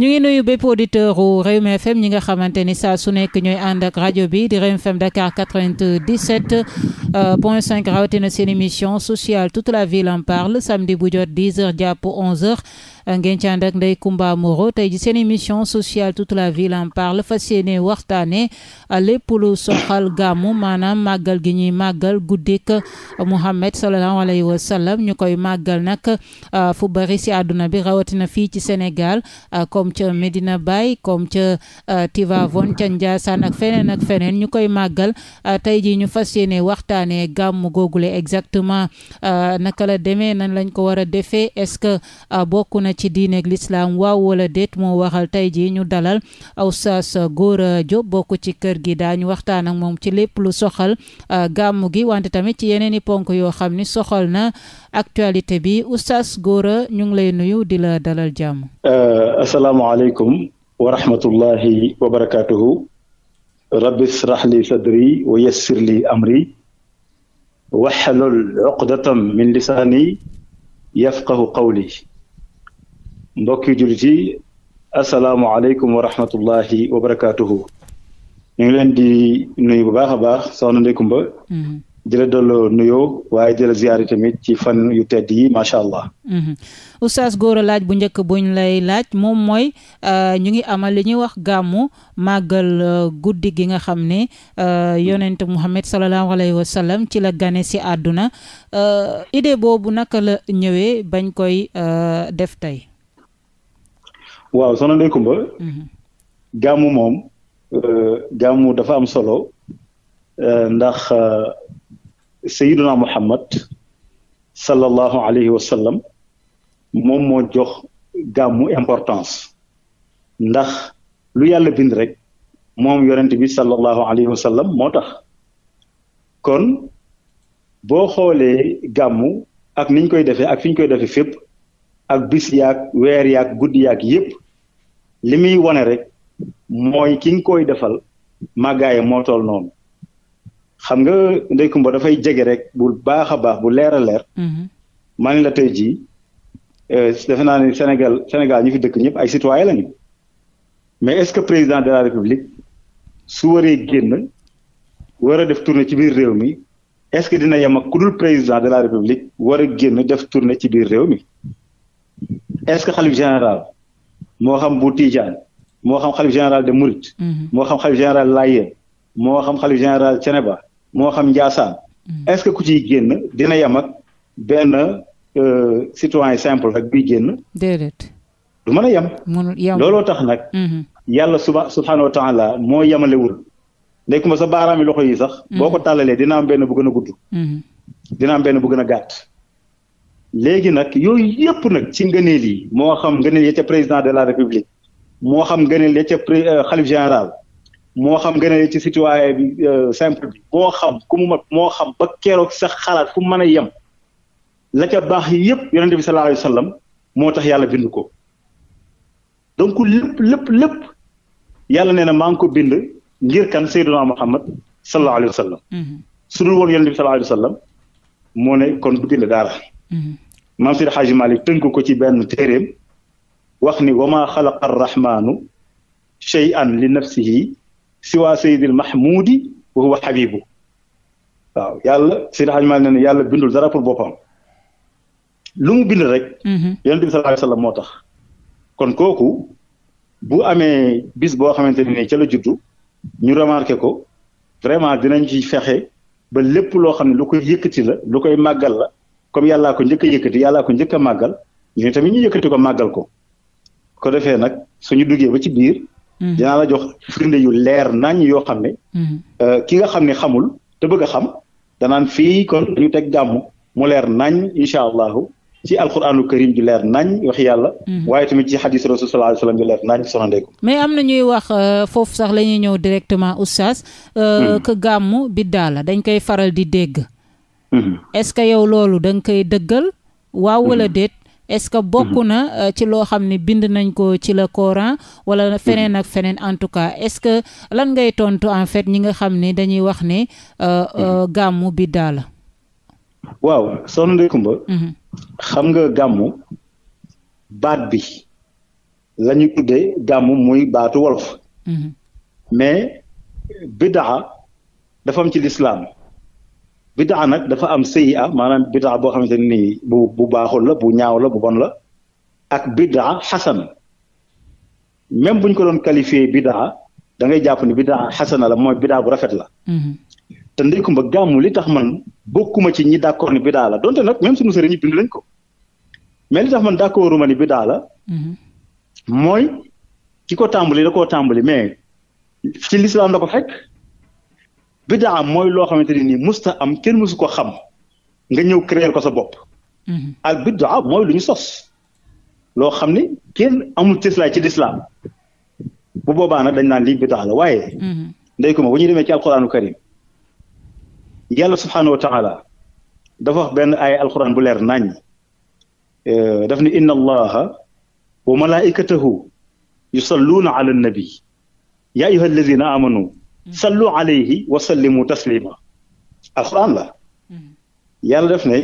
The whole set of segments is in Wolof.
ñu ngi nuyu bépp auditeur u Rewmi FM ñi nga xamante ni saa su nekk ñooy ànd ak bi di Rewmi FM Dakar 97 euh, point 5 rawatina seen émission sociale toute la ville en parle samedi bu jot 10 heures jàpp 11 heures ngeen ci ànd ak Ndeye Comba tey ji seen émission sociale toute la ville en parle fas yéene waxtaane lépp lu soxal gàmmu maanaam màggal gi ñuy màggal guddik Muhammad sallallahu alayhi wa ñu koy màggal nag ah, fu bari si àdduna bi rawatina fii ci Sénégal kom ah, ca Medina Baye comme ca ah, Tivaouane ca Ndiassane ak feneen ak feneen ñu koy màggal tey ji ñu fas yéene waxtaane gàmmu googule exactement naka la demee na lañ ko war a defee est-ce que bokk na ci diineeg lislaam waaw wala déet moo waxal tey jii ñu dalal Oustaz Gora Diop bokk ci kër gi daañu waxtaan ak moom ci lépp lu soxal euh, gàmmu gi wante tamit ci yeneen i ponk yoo xam ni soxal na actualité bi Oustaz Gora ñu ngi lay nuyu di la dalal jàmm. Euh, asalaamaaleykum wa rahmatullahi wa barakaatuhu. rabbi israh li sadri wa yassir li amri waxlul uqdatan min lisaani yafqahu qawli mbokki jullit yi asalaamualeykum wa rahmatullahi wa barakaatuhu. ñu ngi leen di nuyu bu baax a baax soxna Ndeye Comba. Mm-hmm. di la delloo nuyoo waaye di la ziyaare tamit ci fan yu tedd yi macha allah. Mm-hmm. oustaz Gora laaj bu njëkk buñ lay laaj moom mooy euh, ñu ngi amal li ñuy wax gàmmu màggal euh, guddi gi nga xam ne euh, yonent Muhammad sallallahu alayhi wa sallam ci la gane si àdduna idée boobu naka la ñëwee bañ koy def tey. waaw soxna Ndeye Comba mhm. gàmmu moom euh, gàmmu dafa am solo euh, ndax euh, Sayyiduna Muhammad sallallahu alayhi wa sallam moom moo jox gàmmu importance ndax lu yàlla bind rek moom yonent bi sallallahu alayhi wa sallam moo tax kon boo xoolee gàmmu ak niñ koy defee ak fi ñu koy defee fépp ak bis yaag weer yaag guddi yaag yépp li muy wane rek mooy ki nga koy defal màggaaye moo toll noonu xam nga Ndeye Comba dafay jege rek bu baax a baax bu leer a leer. Mm-hmm. maa ngi la tey jii euh, defe naa ne Sénégal Sénégal ñu fi dëkk ñëpp ay citoyen lañu mais est-ce que président de la République su waree génn war a def tournée ci biir réew mi est-ce que dina yem a ku dul président de la République war a génn def tournée ci biir réew mi est-ce que xalif général. moo xam bu Tijaan moo xam xalif général de Mouride. Mhm. moo xam xalif général Laye moo xam xalif général Ceneba moo xam Ndiassane. Mhm. est-ce que ku ciy dina yem ak benn euh, citoyen simple rek buy génn. du mën a yem. mënul tax nag. Mhm. yàlla suba subhaanahu wa taala moo yemalewul. ndekk ma sa baaraam yi loxo yi sax. boo ko tàllalee dina am benn bu gën a dina am benn bu gën a léegi nag yooyu yëpp nag ci ngëneel yi moo xam ngëneel ya ca président de la république moo xam ngëneel ya ca euh, xalif général moo xam ngëneel ya ci citoyen bi euh, simple bi moo xam ku mu moo xam ba keroog sa xalaat fu mën a yem la ca baax yëpp yonent bi sallallahu alayhi moo tax yàlla bind ko donc lépp lépp lépp yàlla nee na maa ko bind ngir kan Seydina Muhammad sallallahu alayhi wa mm-hmm. su dul woon yonent bi sallallahu alayhi moo ne kon du bind dara. Mm-hmm. Maam Seydi Hadji Malick tënk ko ci benn téeréem wax ni wa maa xalaqa arrahmaanu shay'an li nafsihi siwa sayyidil mahmudi wa huwa habibu waaw yàlla Seydi Hadji Malick ne yàlla bindul dara pour boppam lu mu bind rek mhm. yonent bi sallallahu moo tax kon kooku bu amee bis boo xamante ne ca la juddu ñu remarqué ko vraiment dinañ ci fexe ba lépp loo xam ne lu koy yëkkati la lu koy màggal la comme yàllaa ko njëkk a yëkkati yàllaa ko njëkk a màggal ñu tamit ñu yëkkati ko màggal ko ko defee nag suñu duggee ba ci biir. Mm-hmm. dinaa la jox firnde yu leer nañ yoo xam ne. Mm-hmm. Euh, ki nga xam ne xamul te bëgg a xam danaan fii kon dañu teg gàmmu mu leer nañ incha allahu ci alquranu karim ju leer nañ wax yàlla. Mm-hmm. waaye tamit ci xadis rasul sallallahu alayhi wa sallam ju leer nañ soxna Ndeye mais am na ñuy wax euh, foofu sax la ñëw directement oustaz. Euh, mm. que gàmmu biddaa la dañ koy faral di dégg. Mm-hmm. est-ce que yow loolu danga nga koy dëggal waaw mm-hmm. wala déet est-ce que bokk mm-hmm. na euh, ci loo xam ne bind nañ ko ci la Coran wala feneen ak feneen en tout cas est-ce que lan ngay tontu en fait ñi nga xam ne dañuy wax ne euh, euh, gàmmu biddaa la waaw soxna xam nga gàmmu baat bi la ñu tuddee gàmmu muy baatu wolof mais biddaa dafa ci lislaam bidaa nag dafa am a maanaam bidaa boo xamante ne nii bu bu baaxul la bu ñaaw la bu bon la ak bidaa xasana même bu ñu ko doon qualifié bidaa da ngay jàpp ni bidaa xasana la mooy bidaa bu rafet la. Mm-hmm. te ndeykum ba gàmmu i tax man bokkuma ci ñi d'accord ni bidaa la donte nag même suñu sëriñ ñi bind lañ ko mais li tax man d'accorduma ni bidaa la. Mm-hmm. mooy ki ko tàmbali da koo tàmbali mais ci lislaam la ko fekk. bidaa mooy loo xamante ne nii musta am kenn musu ko xam nga ñëw créer ko sa bopp. Mm-hmm. ak bidaa mooy lu ñu sos. loo xam ne kenn amul cëslaay ci lislaam bu boobaa nag dañ naan lii bidaa la waaye. Mm-hmm. ndey ko ma bu ñu demee ci alquraanu karim yàlla subhaanahu wa dafa wax benn ay alquran bu leer nañ euh, daf ne inna allaha wa malaikatahu yusalluuna ala nabi yaa ayyuha alladina amanu Mm-hmm. sallu alayhi wa sallimu taslima alxuraan la mm-hmm. yàlla def ne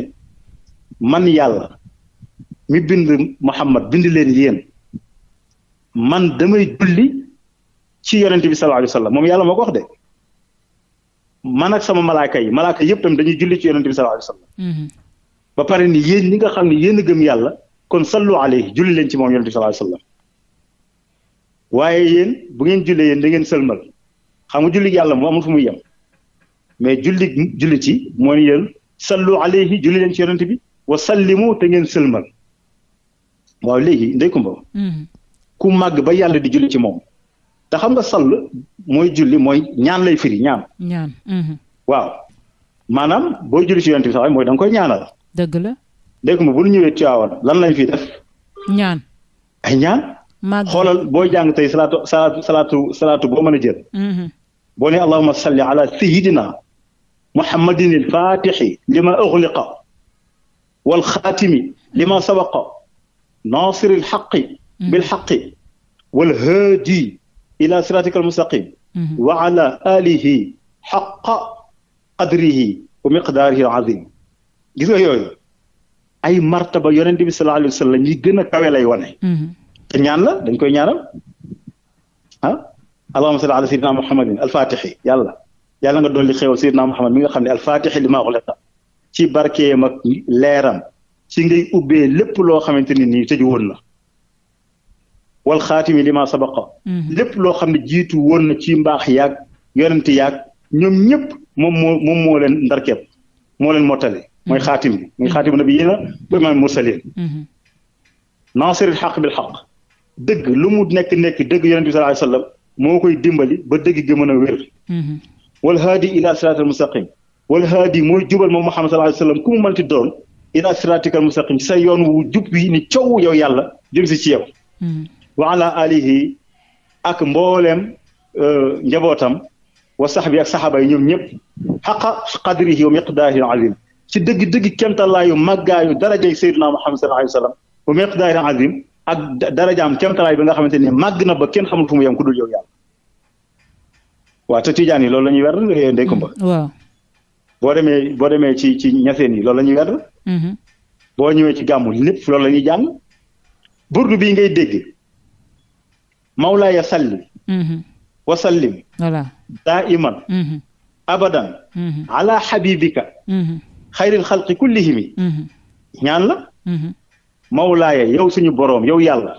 man yàlla mi bind Muhammad bind leen yéen man damay julli ci yonent bi sallallahu alayhi wa moom yàlla moo ko wax de man ak sama malaaka yi malaaka yëpp tamit dañuy julli ci yonent bi sallallahu alayhi wa mm-hmm. ba pare ni yéen ñi nga xam ne yéen gëm yàlla kon sallu alayhi julli leen ci moom yonent bi sallallahu alayhi wa waaye yéen bu ngeen jullee yéen da sëlmal xam nga jullit yàlla moom amul fu muy yem mais jullit jullit yi moo ni leen sallu alayhi julli leen ci yonent bi wa sallimu te ngeen sëlmal waaw léegi ndey kumba hmm. ku màgg ba yàlla di julli ci moom te xam nga sall mooy julli mooy ñaan lay firi ñaan ñaan hmm. waaw maanaam boo julli ci yonent bi sax mooy da nga koy ñaanal dëgg la ndey bu ñu ñëwee Tiwaawan lan lañ fi def ñaan ay ñaan xoolal booy jàng tey salaatu salaatu salaatu salaatu boo mën a jël hmm. boo nee allahuma salli ala sayidina muhammadin il faatixi lima uxliqa wal xaatimi lima sabaqa naasiri l xaqi mm-hmm. bil xaqi wal haadi ila siratika al mustaqim mm-hmm. wa ala alihi xaqa qadrihi wa miqdaarihi al azim gis nga yooyu ay martaba yonente bi sallallahu alayhi wa sallam yi gën a kawe lay wane mm-hmm. te ñaan la dañ koy ñaanal ah allahumma salli ala sayyidina muhammadin alfaatixi yàlla yàlla nga dolli xéewal sayyidina muhammad mi nga xam ne alfaatixi li maa uxliqa ci barkeem ak leeram ci ngay ubbee lépp loo xamante ni nii tëju woon na wal xaatimi li maa sabaqa mm-hmm. lépp loo xam ne jiitu woon na ci mbaax yaag yonent yaag ñoom ñëpp moom moo moom moo leen ndarkeeb moo leen mottali mooy mm-hmm. xaatim bi muy xaatimu nabiyyiina bu imaam mursalin mm-hmm. naasiril xaq bil xaq dëgg lu mu nekk nekk dëgg yonent bi sallallahu alayhi moo koy dimbali ba dëgg gi mën a wér mhm. wal haadi ila siraatal mustaqim wal haadi mooy jubal moom Muhammad sallallahu alayhi wa sallam ku doon ila siraatikal mustaqim sa yoon wu jub wi ni coow yow yàlla jëm si ci yow mhm. wa ala alihi ak mbooleem e, njabootam wa sax bi ak saxaaba yi ñoom ñëpp xaqa qadrihi wa miqdaarihi azim ci dëgg-dëgg kemtalaayu màggaayu darajay sayyidina Muhammad sallallahu alayhi wa sallam wa miqdaarihi azim ak darajaam kemtalaay bi nga xamante ne màgg na ba kenn xamul fu waaw te tijaan yi loolu la ñuy werd eh, Ndeye Comba mm-hmm. waaw boo demee boo demee ci ci ñaseen yi loolu la ñuy werd mm-hmm. boo ñëwee ci gàmmu lépp loolu la ñuy jàng burdu bii ngay dégg mawlaaya salli mm-hmm. wa sallim daa iman abadan ala xabibika xayril xalqi kullihimi ñaan la mawlaaya yow suñu boroom yow yàlla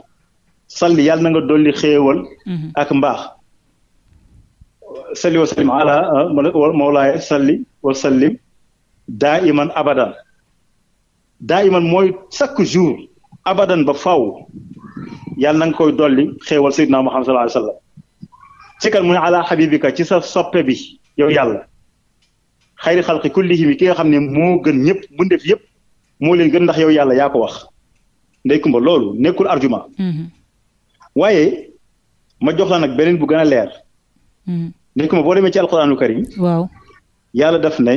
salli yàlla na nga dolli xéewal ak mbaax salli wa sallim ala uh, mawlaaya salli wa sallim daa iman abadan daa iman mooy chaque jour abadan ba faw yàlla na nga koy dolli xéewal sayyidina Muhammad sallallahu alayhi wa sallam ci kan mu ne xabibika ci sa soppe bi yow yàlla xayri xalqi kullihim ki nga xam ne moo gën ñëpp mu def yëpp moo leen gën ndax yow yàlla yaa ko wax ndey kumba loolu nekkul argument mm-hmm. waaye ma jox nag beneen bu gën a leer mm-hmm. ni ko ma boo demee ci alquraanul karim waaw yàlla daf ne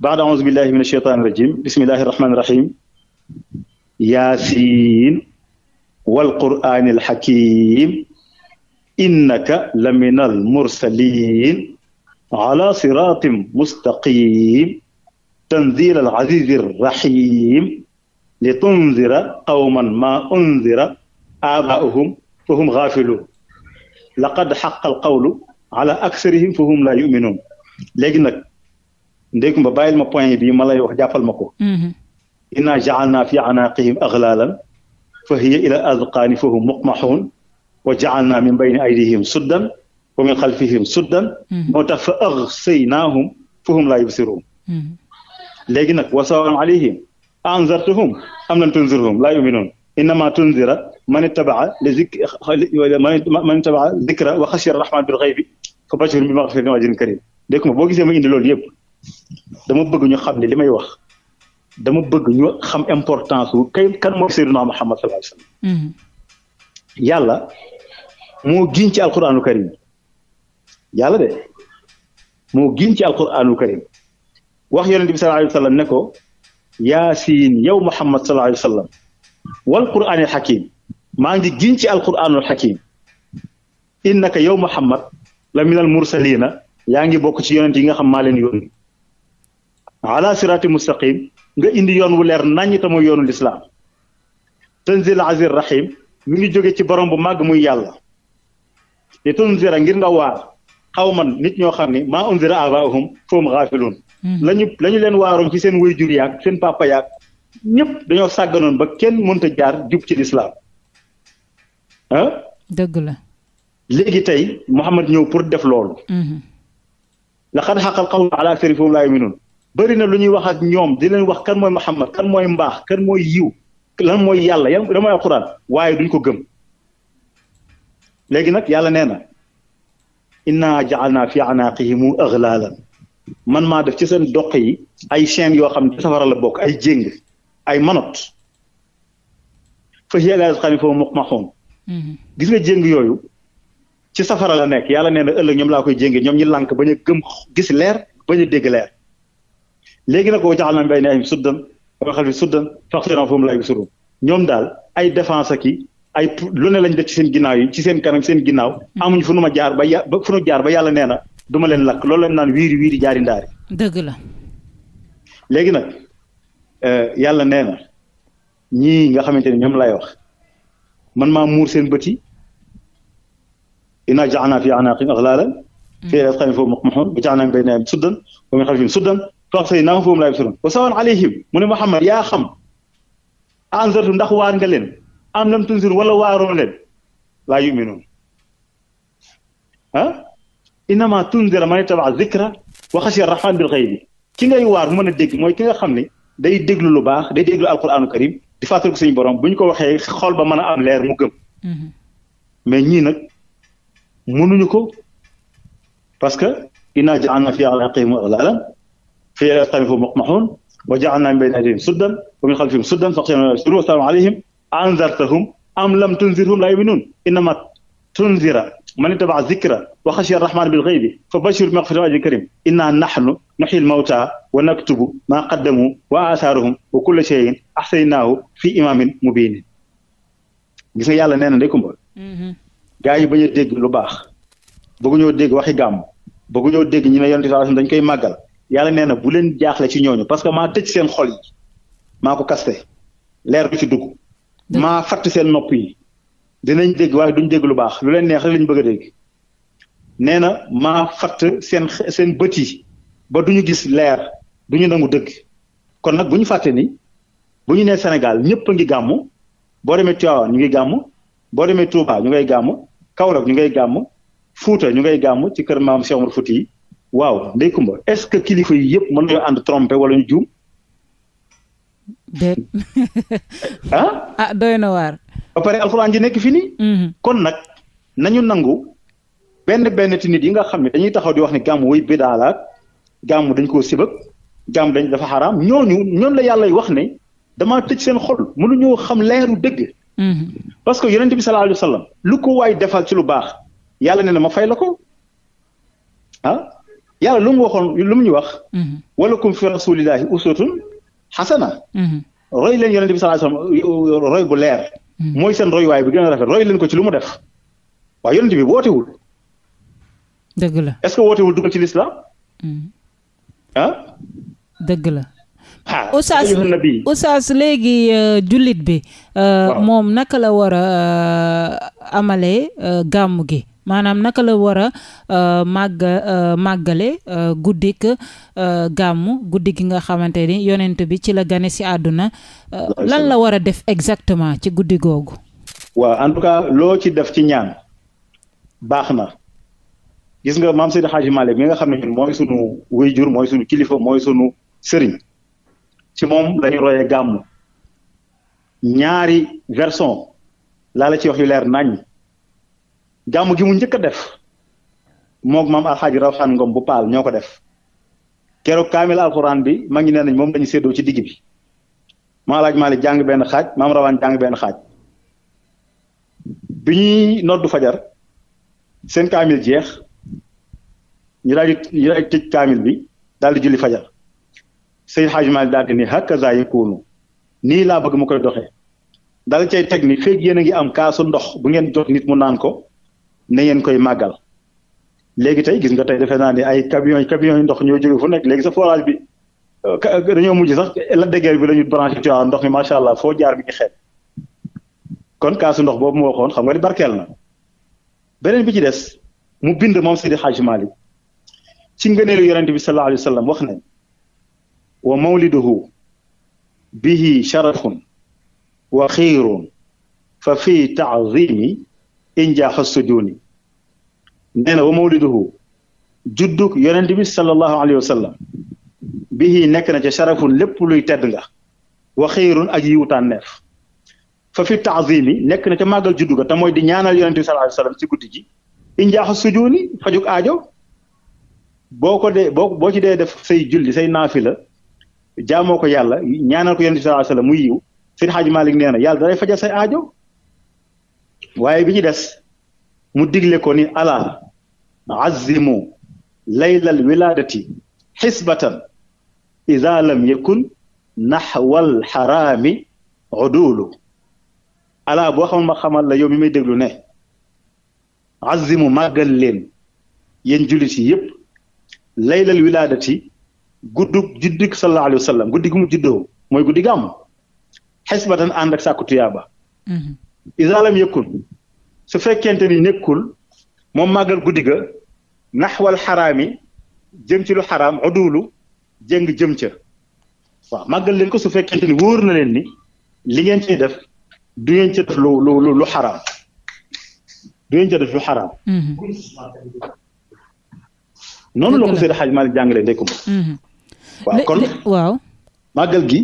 baada auzu billahi min asheytaani rajim bismillahi rahmaani rahim yaasiin wal quraanil hakiim innaka la minal mursaliin ala siraatin mustaqiim tanziilal aziizir rahiim li tunzira qawman maa unzira aabaa'uhum fa hum gaafiluun laqad haqqal qawlu ala aksarihim fahum laa yuminuun léegi nag ndéeg ma bàyyil ma point bii ma lay wax jàppal ma ko mm-hmm. inna ja'alna fi anaaqihim aghlaalan fa hiya ila azqaani fahum muqmahuun wa ja'alna min bayni aydihim suddan wa min xalfihim suddan mm-hmm. moo tax fa aghsaynaahum fahum laa yubsiruun mm-hmm. léegi nag wa sawaa'un alayhim anzartahum am lam tunzirhum laa yuminuun innama tunzira man tabaa li zik man tabaa zikra wa xasiya rahman bil ghaybi fa bashirhu bi maghfiratin wa ajrin karim dégg nga boo gisee ma indi loolu yëpp dama bëgg ñu xam ne li wax dama bëgg ñu xam importance wu kay kan mooy Seydina Muhammad sallallahu alayhi wasallam mm-hmm. yàlla moo giñ ci alquraanu karim yàlla de moo giñ ci alquraanu karim wax yonent bi sallallahu alayhi wasallam ne ko yaasiin yow Muhammad sallallahu alayhi wasallam wal quraanil hakiim maa ngi giñ ci alquranul xakim innaka yow muhammad la minal mursalina yaa ngi bokk ci yonent yi nga xam maa leen yónni ala nga indi yoon wu leer naññ yoonu lislaam tanzil azir rahim mi ngi jóge ci borom bu màgg muy yàlla te tunzira ngir nga waar xaw man nit ñoo xam ne maa unzira abaahum foom xaafiluun hmm. lañu leen waaroon ci seen wayjur yaag seen papa yaag ñëpp dañoo sàgganoon ba kenn mënta jaar jub ci lislaam ah. dëgg la. léegi tey Mouhamed ñëw pour def loolu. Mhm. la xar xaqal xaw ala akthari fahum laa yu'minuun bëri na lu ñuy wax ak ñoom di leen wax kan mooy Mouhamed kan mooy mbaax kan mooy yiw lan mooy yàlla yan lan mooy alxuraan waaye duñ ko gëm léegi nag yàlla nee na inna ja'alnaa fi a'naaqihim aghlaalan man maa def ci seen doq yi ay chaînes yoo xam ne safara la bokk ay jéng ay manot fa hiya ilaa rizqihim muqmahuun Mm-hmm. gis nga jéng yooyu ci safara la nekk yàlla nee na ëllëg ñoom laa koy jénge ñoom ñi lànk ba a gëm gis leer bañ a dégg léegi nag woo jaxal na mbay ne ay suddan waxal fi suddan faxsiran foofu lay suru ñoom daal ay défense ak i ay lu ne lañ def seen ginnaaw yi ci seen kanam seen ginnaaw mm-hmm. amuñ fu nu ma jaar ba ya ba jaar ba yàlla nee na du leen lakk loolu lañ naan wiiri wiiri jaari ndaari dëgg la léegi nag euh, yàlla nee ñii nga xamante ne ñoom lay wax man maa muur seen bët yi innaa ja'alnaa fii a'naaqihim aghlaalan fii adqaanihim fawqa maqmahun wa ja'alnaa min bayni aydiihim suddan wa min khalfihim suddan fa aghshaynahum fahum laa yubsiruun wa sawaa'un 'alayhim mu ne Muhammad yaa xam anzartu ndax waar nga leen am lam tunzir wala waaroo leen laa yu'minuun ah innamaa tunziru man ittaba'a dhikra wa khashiya rahmaan bil ghaybi ki ngay waar mën a dégg mooy ki nga xam ne day déglu lu baax day déglu alquraanu karim di fàttali ko suñu borom bu ñu ko waxee xol ba mën a am leer mu gëm. Mhm. mais ñii nag mënuñu ko parce que inna ja'alna fi a'naqihim aghlalan fi a'naqihim maqmahun wa ja'alna min bayni aydihim suddan wa min khalfihim suddan fa qila wa salamun alayhim anzartahum am lam tunzirhum la yu'minun innama tunzira man ittaba zikra wa xashiya rahmaan bil ghaybi fa bashir maghfirati wa ajrin karim inna nahnu nuhyil mawta wa naktubu maa qaddamu wa aathaarahum wa kulla shay'in ahsaynaahu fi imaamin mubiin gis nga yàlla nee na ndey kumba mhm. gaa yi ba a dégg lu baax bëgguñoo dégg waxi gàmm bëgguñoo dégg ñu ne yonent bi dañ koy màggal yàlla nee na bu leen jaaxle ci ñooñu parce que maa tëj seen xol yi maa ko kaste leer du ci dugg maa fatt seen nopp yi dinañ dégg waaye duñ dégg lu baax lu leen neex rek lañ bëgg a dégg nee na maa fatt seen seen bët yi ba du ñu gis leer du ñu nangu dëgg kon nag bu ñu fàtte ni bu ñu nee senegal ñëpp a ngi gàmm boo demee Tivaouane ñu ngi gàmm boo demee Touba ñu ngay gàmm Kaolack ñu ngay gàmm Fouta ñu ngay gàmm ci kër maam Cheikh Oumar Fouti yi waaw Ndeye est-ce que kilifa yi yëpp mën nañoo ànd trompé wala ñu juum. déet ah. ah na waar. ba pare alxuraan ji nekk fi nii. Mhm. kon nag nañu nangu benn benn ti nit yi nga xam ne dañuy taxaw di wax ne gàmm wuy bidaa la gàmm dañ ko sibëg gàmm dañ dafa xaraam ñooñu ñoom la yàlla wax ne damaa tëj seen xol mënuñoo xam leeru dëgg. Mhm. parce que yonent bi sallallahu alayhi wa lu ko waay defal ci lu baax yàlla ne na ma fay la ko ah yàlla lu mu waxoon lu mu ñu wax. Mhm. walakum fi rasulillahi uswatun xasana. roy leen yonent bi sallallahu alayhi wa sallam roy bu leer. Hmm. mooy seen royuwaay bi gën a rafet roy leen ko ci lu mu def waaye yonent bi wootewul. dëgg la est-ce que wootewul dugal ci lislaam hmm. ah. dëgg la. ah oustaz léegi euh, jullit bi. Euh, moom naka la war euh, amalee euh, gàmmu gi maanaam naka la war a euh, màgg euh, màggale guddik gàmmu guddi gi nga xamante ni yonent bi ci la gane si àdduna lan la war a def exactement ci guddi googu waaw en tout cas loo ci def ci ñaan baax na gis nga maam Seydi Hadji Malick mi nga xam ne mooy sunu waajur mooy sunu kilifa mooy sunu sëriñ ci moom lañu royee gàmmu ñaari version laa la ci wax leer nañ gàmm gi mu njëkk a def moog maam alxaaji rawxaan ngom bu paal ñoo ko def keroog kaamil alxuraan bi ma ngi nee nañ moom lañu séddoo ci digg bi maam alxaaji maalik jàng benn xaaj maam rawaan jàng benn xaaj bi ñuy noddu fajar seen kaamil jeex ñu daal tëj kaamil bi daal di julli fajar sëñ xaaji maalik daal di ni hakaza yakunu nii laa bëgg mu koy doxee dala cay teg ni feeg yéen a ngi am kaasu ndox bu ngeen jox nit mu naan ko na ngeen koy màggal léegi tey gis nga tey defe naa ne ay camion camion yi ndox ñoo jóge fu nekk léegi sa forage bi euh, dañoo mujj sax la dégeer bi la ñu branché ci ndox mi macha allah foo jaar kon kaasu ndox boobu mu waxoon xam nga di barkeel na beneen bi ci des mu bind moom Seydi Hadji mali ci ngëneelu yonente bi sallallahu alayhi wa sallam wax ne wa mawliduhu bihi sharafun wa xiirun fa fii taazimi injaaxa sujuni nee na wa mawliduhu juddug yonent bi sallallahu alayhi wa sallam bihi nekk na ca sharafun lépp luy tedd nga wa xiirun ak yiwutaan neef fa fi taazimi nekk na ca màggal juddu ga te mooy di ñaanal yonent bi sallallahu alayhi wa sallam ci guddi ji injaaxa sujuni fajuk aajo boo ko dee boo boo ci dee def say julli say naafila jaamoo ko yàlla ñaanal ko yonent bi sallallahu alayhi wa sallam mu yiw Seydi Hadji Malick nee na yàlla dalay fajal say aajo waaye bi ci des mu digle ko ni ala azimu laylal wiladati xisbatan ida lam yakun naxwal xaraami udulu ala boo xamal ma xamal la yow mi may déglu ne azimu màggal leen yéen jullit yi yépp laylal wiladati guddug juddig sallallahu alayhi wa sallam guddi mu juddoo mooy guddi xesbatan ànd ak sàkku tuyaaba mhm. isaalam yëkkul su fekkente ni nekkul moom màggal guddi ga naxwal xaraami jëm ci lu xaram odulu jëng jëm ca waaw màggal leen ko su fekkente ni wóor na leen ni li ngeen ciy def du ca def lu lu lu xaraam ca def lu xaraam mhm. noonu la ko Seydi Hadj Malick jàngale ndekku ma mhm. waaw kon waaw màggal gi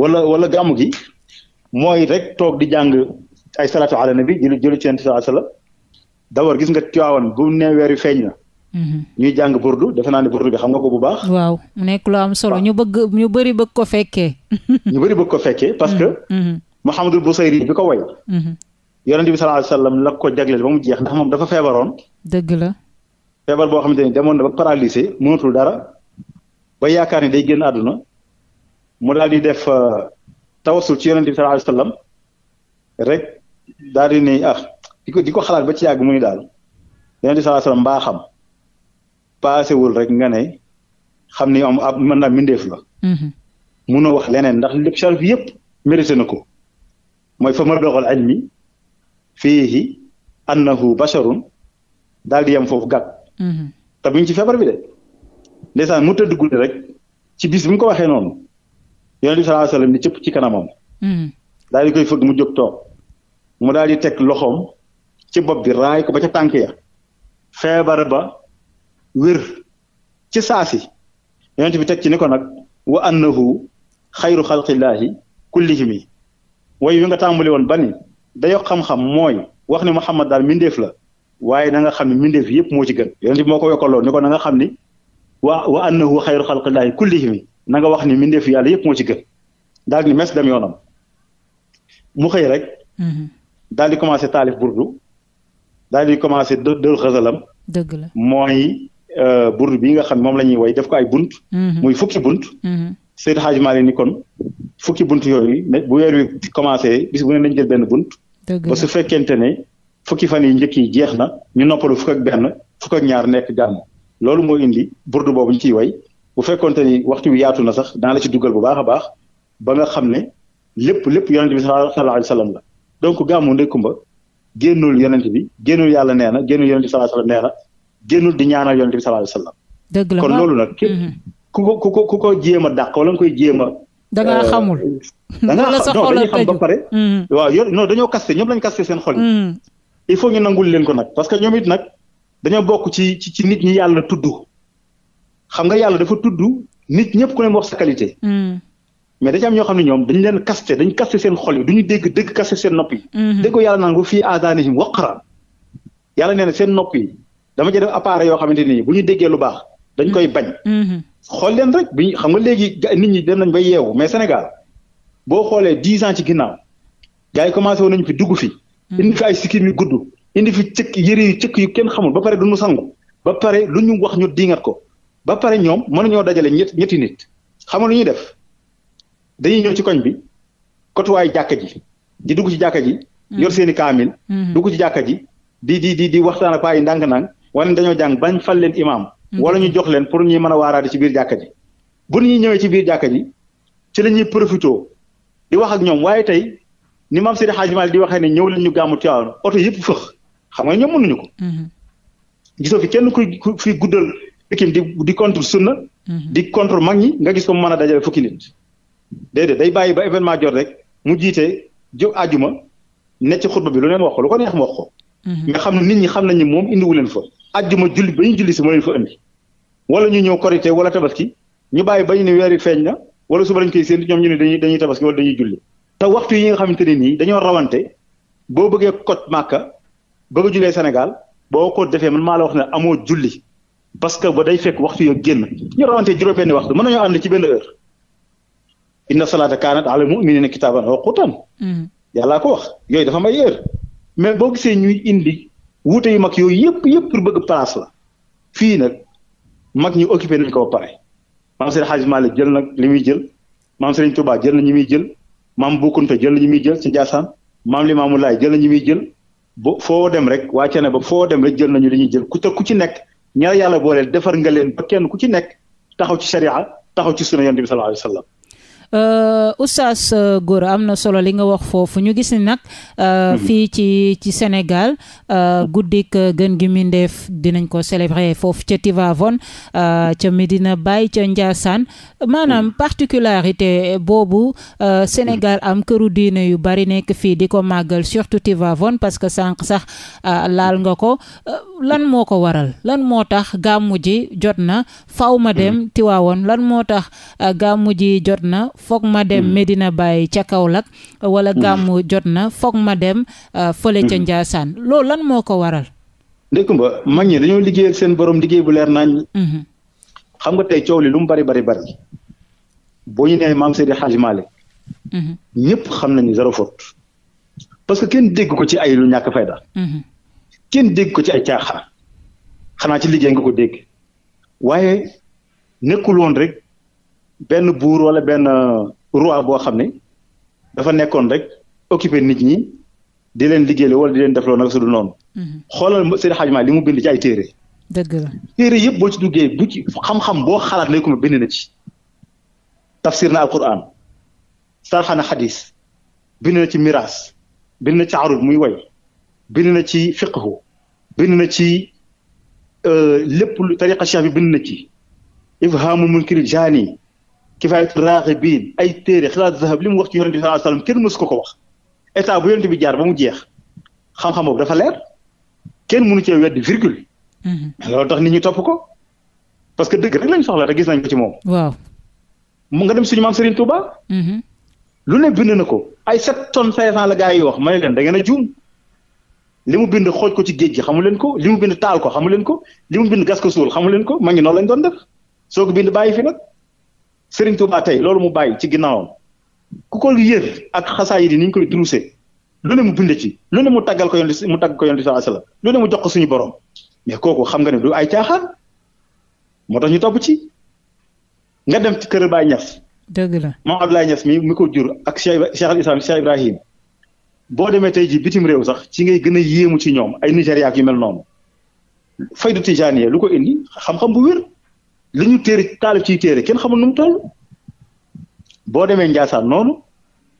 wala wala gàmmu gi mooy rek toog di jàng ay salaatu ala nabi julli julli ci Yonent sala d'abord gis nga Tiwaawan bu nee weer wi feeñ na. Mhm. ñuy jàng burdu defe naa bi ko bu baax. waaw mu nekk lu am solo ñu bëgg ñu ko fekkee. ñu bëri bëgg ko fekkee parce que. Mhm, mhm. Muhammadul Busayri bi ko way. yonent bi sallallahu alayhi wasallam la ko jagleel ba mu jeex ndax moom dafa feebaroon. dëgg la. feebar boo xamante ni demoon na ba paralysé mënatul dara ba yaakaar ni day génn àdduna mu daal di def euh, tawasul ci yonent bi sallallahu alayhi wa rek daal di ne ah, diko ko di xalaat ba ci yàgg mu ni daal yonent bi sallallahu alayhi wa sallam mbaa xam rek nga ne xam ni am ab mën naa mindeef la. Mm-hmm. munoo wax leneen ndax lépp sharaf yëpp mérité na ko mooy fa mablaghul ilmi fiihi annahu basharun daal di yem foofu gàtt. Mm-hmm. te bu ci feebar bi de ndeysaan mu tëdd guddi rek ci bis bi ko waxee noonu. yonent bi sallallahu alayhi wasallam ni cëpp ci kanamam. Hmm. daal di koy fëgg mu jóg mu daal di teg loxoom ci bopp bi raay ko ba ca tànk ya feebar ba wér ci saasi yonent bi tek ci ni ko nag wa annahu xayru xalqillaahi kullihimi way wi nga tàmbali woon ba ni dayoo xam-xam mooy wax ni Muhammad daal mindeef la waaye na nga xam ne mindeef yëpp moo ci gën yonent bi moo ko yokkaloon ni ko na nga xam ni wa wa annahu xayru xalqillaahi kullihimi nanga wax ni mbindeef yàlla yëpp moo ci gën daal ni mes dem yoonam mu xëy rek. Mhm. daal di commencé taalif burdu daal di commencé dë dël xasalam. dëgg la mooy euh, burdu bi nga xam moom la ñuy def ko ay bunt. Mhm. muy fukki bunt. Mhm. Seydou Hadj Malick ni kon fukki bunt yooyu bu weer wi commencé bis bu ne nañ jël benn bunt. ba fekkente ne fukki fan yi njëkk yi jeex na ñu noppalu fukk ak benn fukk ak ñaar nekk gàmm. loolu moo indi burdu boobu ñu ciy woy bu fekkonte ni waxtu yaatu na sax daan la ci dugal bu baax a baax ba nga xam ne lépp lépp yonent bi sallallahu alayhi wa sallam la donc gàmmu ndeykumba génnul yonent bi génnul yàlla nee na génnul yonent bi sallallahu alayhi wa sallam nee na génnul di ñaanal yonent bi sallallahu alayhi wa sallam. la kon loolu nag. Mm-hmm. ku ku ko ku ko jéem a dàq wala nga koy jéem a. da ngaa euh, xamul. da ngaa xam non dañuy xam ba pare. Mm-hmm. waaw yor non dañoo kaste ñoom lañ kaste seen xol yi. Mm-hmm. il faut ñu nangul leen ko nag parce que xam nga yàlla dafa tudd nit ñëpp ku leen wax sa qualité. Hmm. mais da ci am ñoo xam ne ñoom dañu leen kaste dañu kaste seen xol yi du ñu dégg dégg kaste seen nopp yi. Hmm. dégg ko yàlla naan ko fii aazaanihim waqra yàlla nee na seen nopp yi dama ci def appareil yoo xamante ni bu ñu baax dañ koy bañ. Hmm. xool leen rek bi xam nga léegi nit ñi dem nañ ba yeewu mais Sénégal boo xoolee dix ans ci ginnaaw gars yi commencé woon nañu fi dugg fi. indi fi ay sikkim yu gudd indi fi cëkk yëre yu cëkk yu kenn xamul ba pare du ñu sangu ba pare lu ñu wax ñu diingat ko. ba pare ñoom mënuñoo dajale ñett ñetti nit xam nga lu ñuy def dañuy ñëw ci koñ bi kotuwaay jàkka ji di dugg ci jàkka ji. Mm. yor seeni kaamil. Mm-hmm. dugg ci jàkka ji di di di di waxtaan ak paa yi ndànk-ndànk wala dañoo jàng bañ fal leen imaam. Mm-hmm. wala ñu jox leen pour ñuy mën a waaraadi ci biir jàkka ji. bu ñuy ñëwee ci biir jàkka ji ci la ñuy profité di wax ak ñoom waaye tey ni maam Seydi Hadji di waxee ne ñëw leen ñu gàmmu Tiwaawan oto yëpp fëx xam nga ñoom mënuñu ko. Mm-hmm. gisoo fi Pikine di di contre sunna mhm. di contre mag ñi nga gis ko mu mën a dajale fukki nit. déedéet day bàyyi ba événement jot rek mu jiite jóg àjjuma ne ci xutba bi lu leen wax ko lu ko neex mu mhm. xam ne nit ñi xam nañu moom indiwu leen fa. àjjuma julli ba ñu julli si moo leen fa indi. wala ñu ñëw korité wala tabaski ñu bàyyi ba ñu ne weer yi feeñ na wala suba lañ koy seen ñoom ñu ne dañuy dañuy tabaski wala dañuy julli. te waxtu yi nga xamante ne nii dañoo rawante boo bëggee kot Màkka bëgg a jullee Sénégal boo ko defee man maa la wax ne amoo julli parce que ba day fekk waxtu yo génn ñu rawante juróom-benn waxtu mën nañoo ànd ci benn heure inna salaata kaanat ala mu'minina kitaaban mawquutan mm-hmm. yàllaa ko wax yooyu dafa am ay heure mais boo gisee ñuy indi wuute yu mag yooyu yëpp yëpp pour bëgg place la fii nag mag ñu occupé nañ ko ba pare maam Seydi Hadji Malick jël na li muy jël maam Serigne Touba jël na ñi muy jël maam Boukounta jël na ñi muy jël ci Ndiassane maam Limaamu Laay jël na ñi muy jël bo foo dem rek waa Cene ba foo dem rek jël nañu li ñuy jël ku ku ci nekk ñaa yàlla booleel defar nga leen ba kenn ku ci nekk taxaw ci sharia taxaw ci sunna yonent bi sallallahu alayhi wa sallam Euh, oustaz euh, Gora am na solo li nga wax foofu ñu gis ni nag euh, mhm. fii ci ci Sénégal guddik gën gi mindeef dinañ ko célébrer foofu ca Tivaouane ca Medina bàyyi ca Ndiassane maanaam mhm. particularité boobu Sénégal am këru diine yu bari nekk fii di ko màggal surtout Tivaouane parce que sànq sax laal nga ko lan moo ko waral lan moo tax gàmmu ji jot na fawma ma dem mhm. Tivaouane lan moo tax gàmmu ji jot na foog ma dem hmm. Medina bàyyi ca kaw Kaolack wala hmm. gàmmu jot na foog ma dem euh, fële ca hmm. Ndiassane loolu lan moo ko waral ndékumba mag ñi dañoo liggéeyal seen boroom liggéey bu leer nañ xam nga tey coow li lu mu bari bari bari boo ñu nee maam Seydi Hadji Malick ñëpp xam nañu zéro faute parce que kenn dégg ko ci ay lu ñàkk fayda kenn dégg ko ci ay caaxaan xanaa ci liggéey nga ko dégg waaye nekkul rek benn buur wala benn euh, roi boo xam ne dafa nekkoon rek occuper nit ñi di leen liggéeyal wala di leen defloo nag su dul noonu. Mm-hmm. xoolal Seydi Hadji Malick li bind ci ay téere. dëgg la téere yëpp boo ci duggee bu ci xam-xam boo xalaat lay ko bind na ci. tafsir na alquran sarxana xadis bind na ci miraas bind na ci arud muy way bind na ci fiqhu bind na ci euh, lépp lu tariqa cheikh bi bind na ci ifhamu munkiri jaani kifaayatu raaxibiin ay téere xilaat zahab li mu wax ci yonent bi sallallahu kenn mësu ko wax état bu yonent bi jaar ba mu jeex xam-xam boobu dafa leer kenn mënu cee weddi virgule. loolu tax nit ñi topp ko parce que dëgg rek lañ soxla rek gis nañ ko ci moom. waaw mu nga dem suñu maam Serigne Touba. lu ko ay sept tonnes cinq cent la yi wax ma ne leen da a juum li mu bind xooj ko ci géej gi xamu leen ko li mu bind taal ko xamu leen ko li mu bind gas ko suul xamu leen ko ma ngi noonu lañ doon def soo ko bind bàyyi fi nag. Serigne Touba tey loolu mu bàyyi ci ginnaawam ku ko yër ak xasaayid yi ni ñu koy drusé lu ne mu bind ci lu ne mu taggal ko yoon mu tagg ko yoon di saa asalaam lu ne mu jox ko suñu borom mais kooku xam nga ne lu ay caaxaan moo tax ñu topp ci nga dem ci kër Baay Ñas. dëgg la moom Abdoulaye Niass mi mi ko jur ak Cheikh Cheikh al Islam Cheikh Ibrahim boo demee tey ji bitim réew sax ci ngay gën a yéemu ci ñoom ay Nigéria ak yu mel noonu faydu tijaaniya lu ko indi xam-xam bu wér li ñu téere taalif ciy téere ken xamul nu mu toll boo demee Njaasaan noonu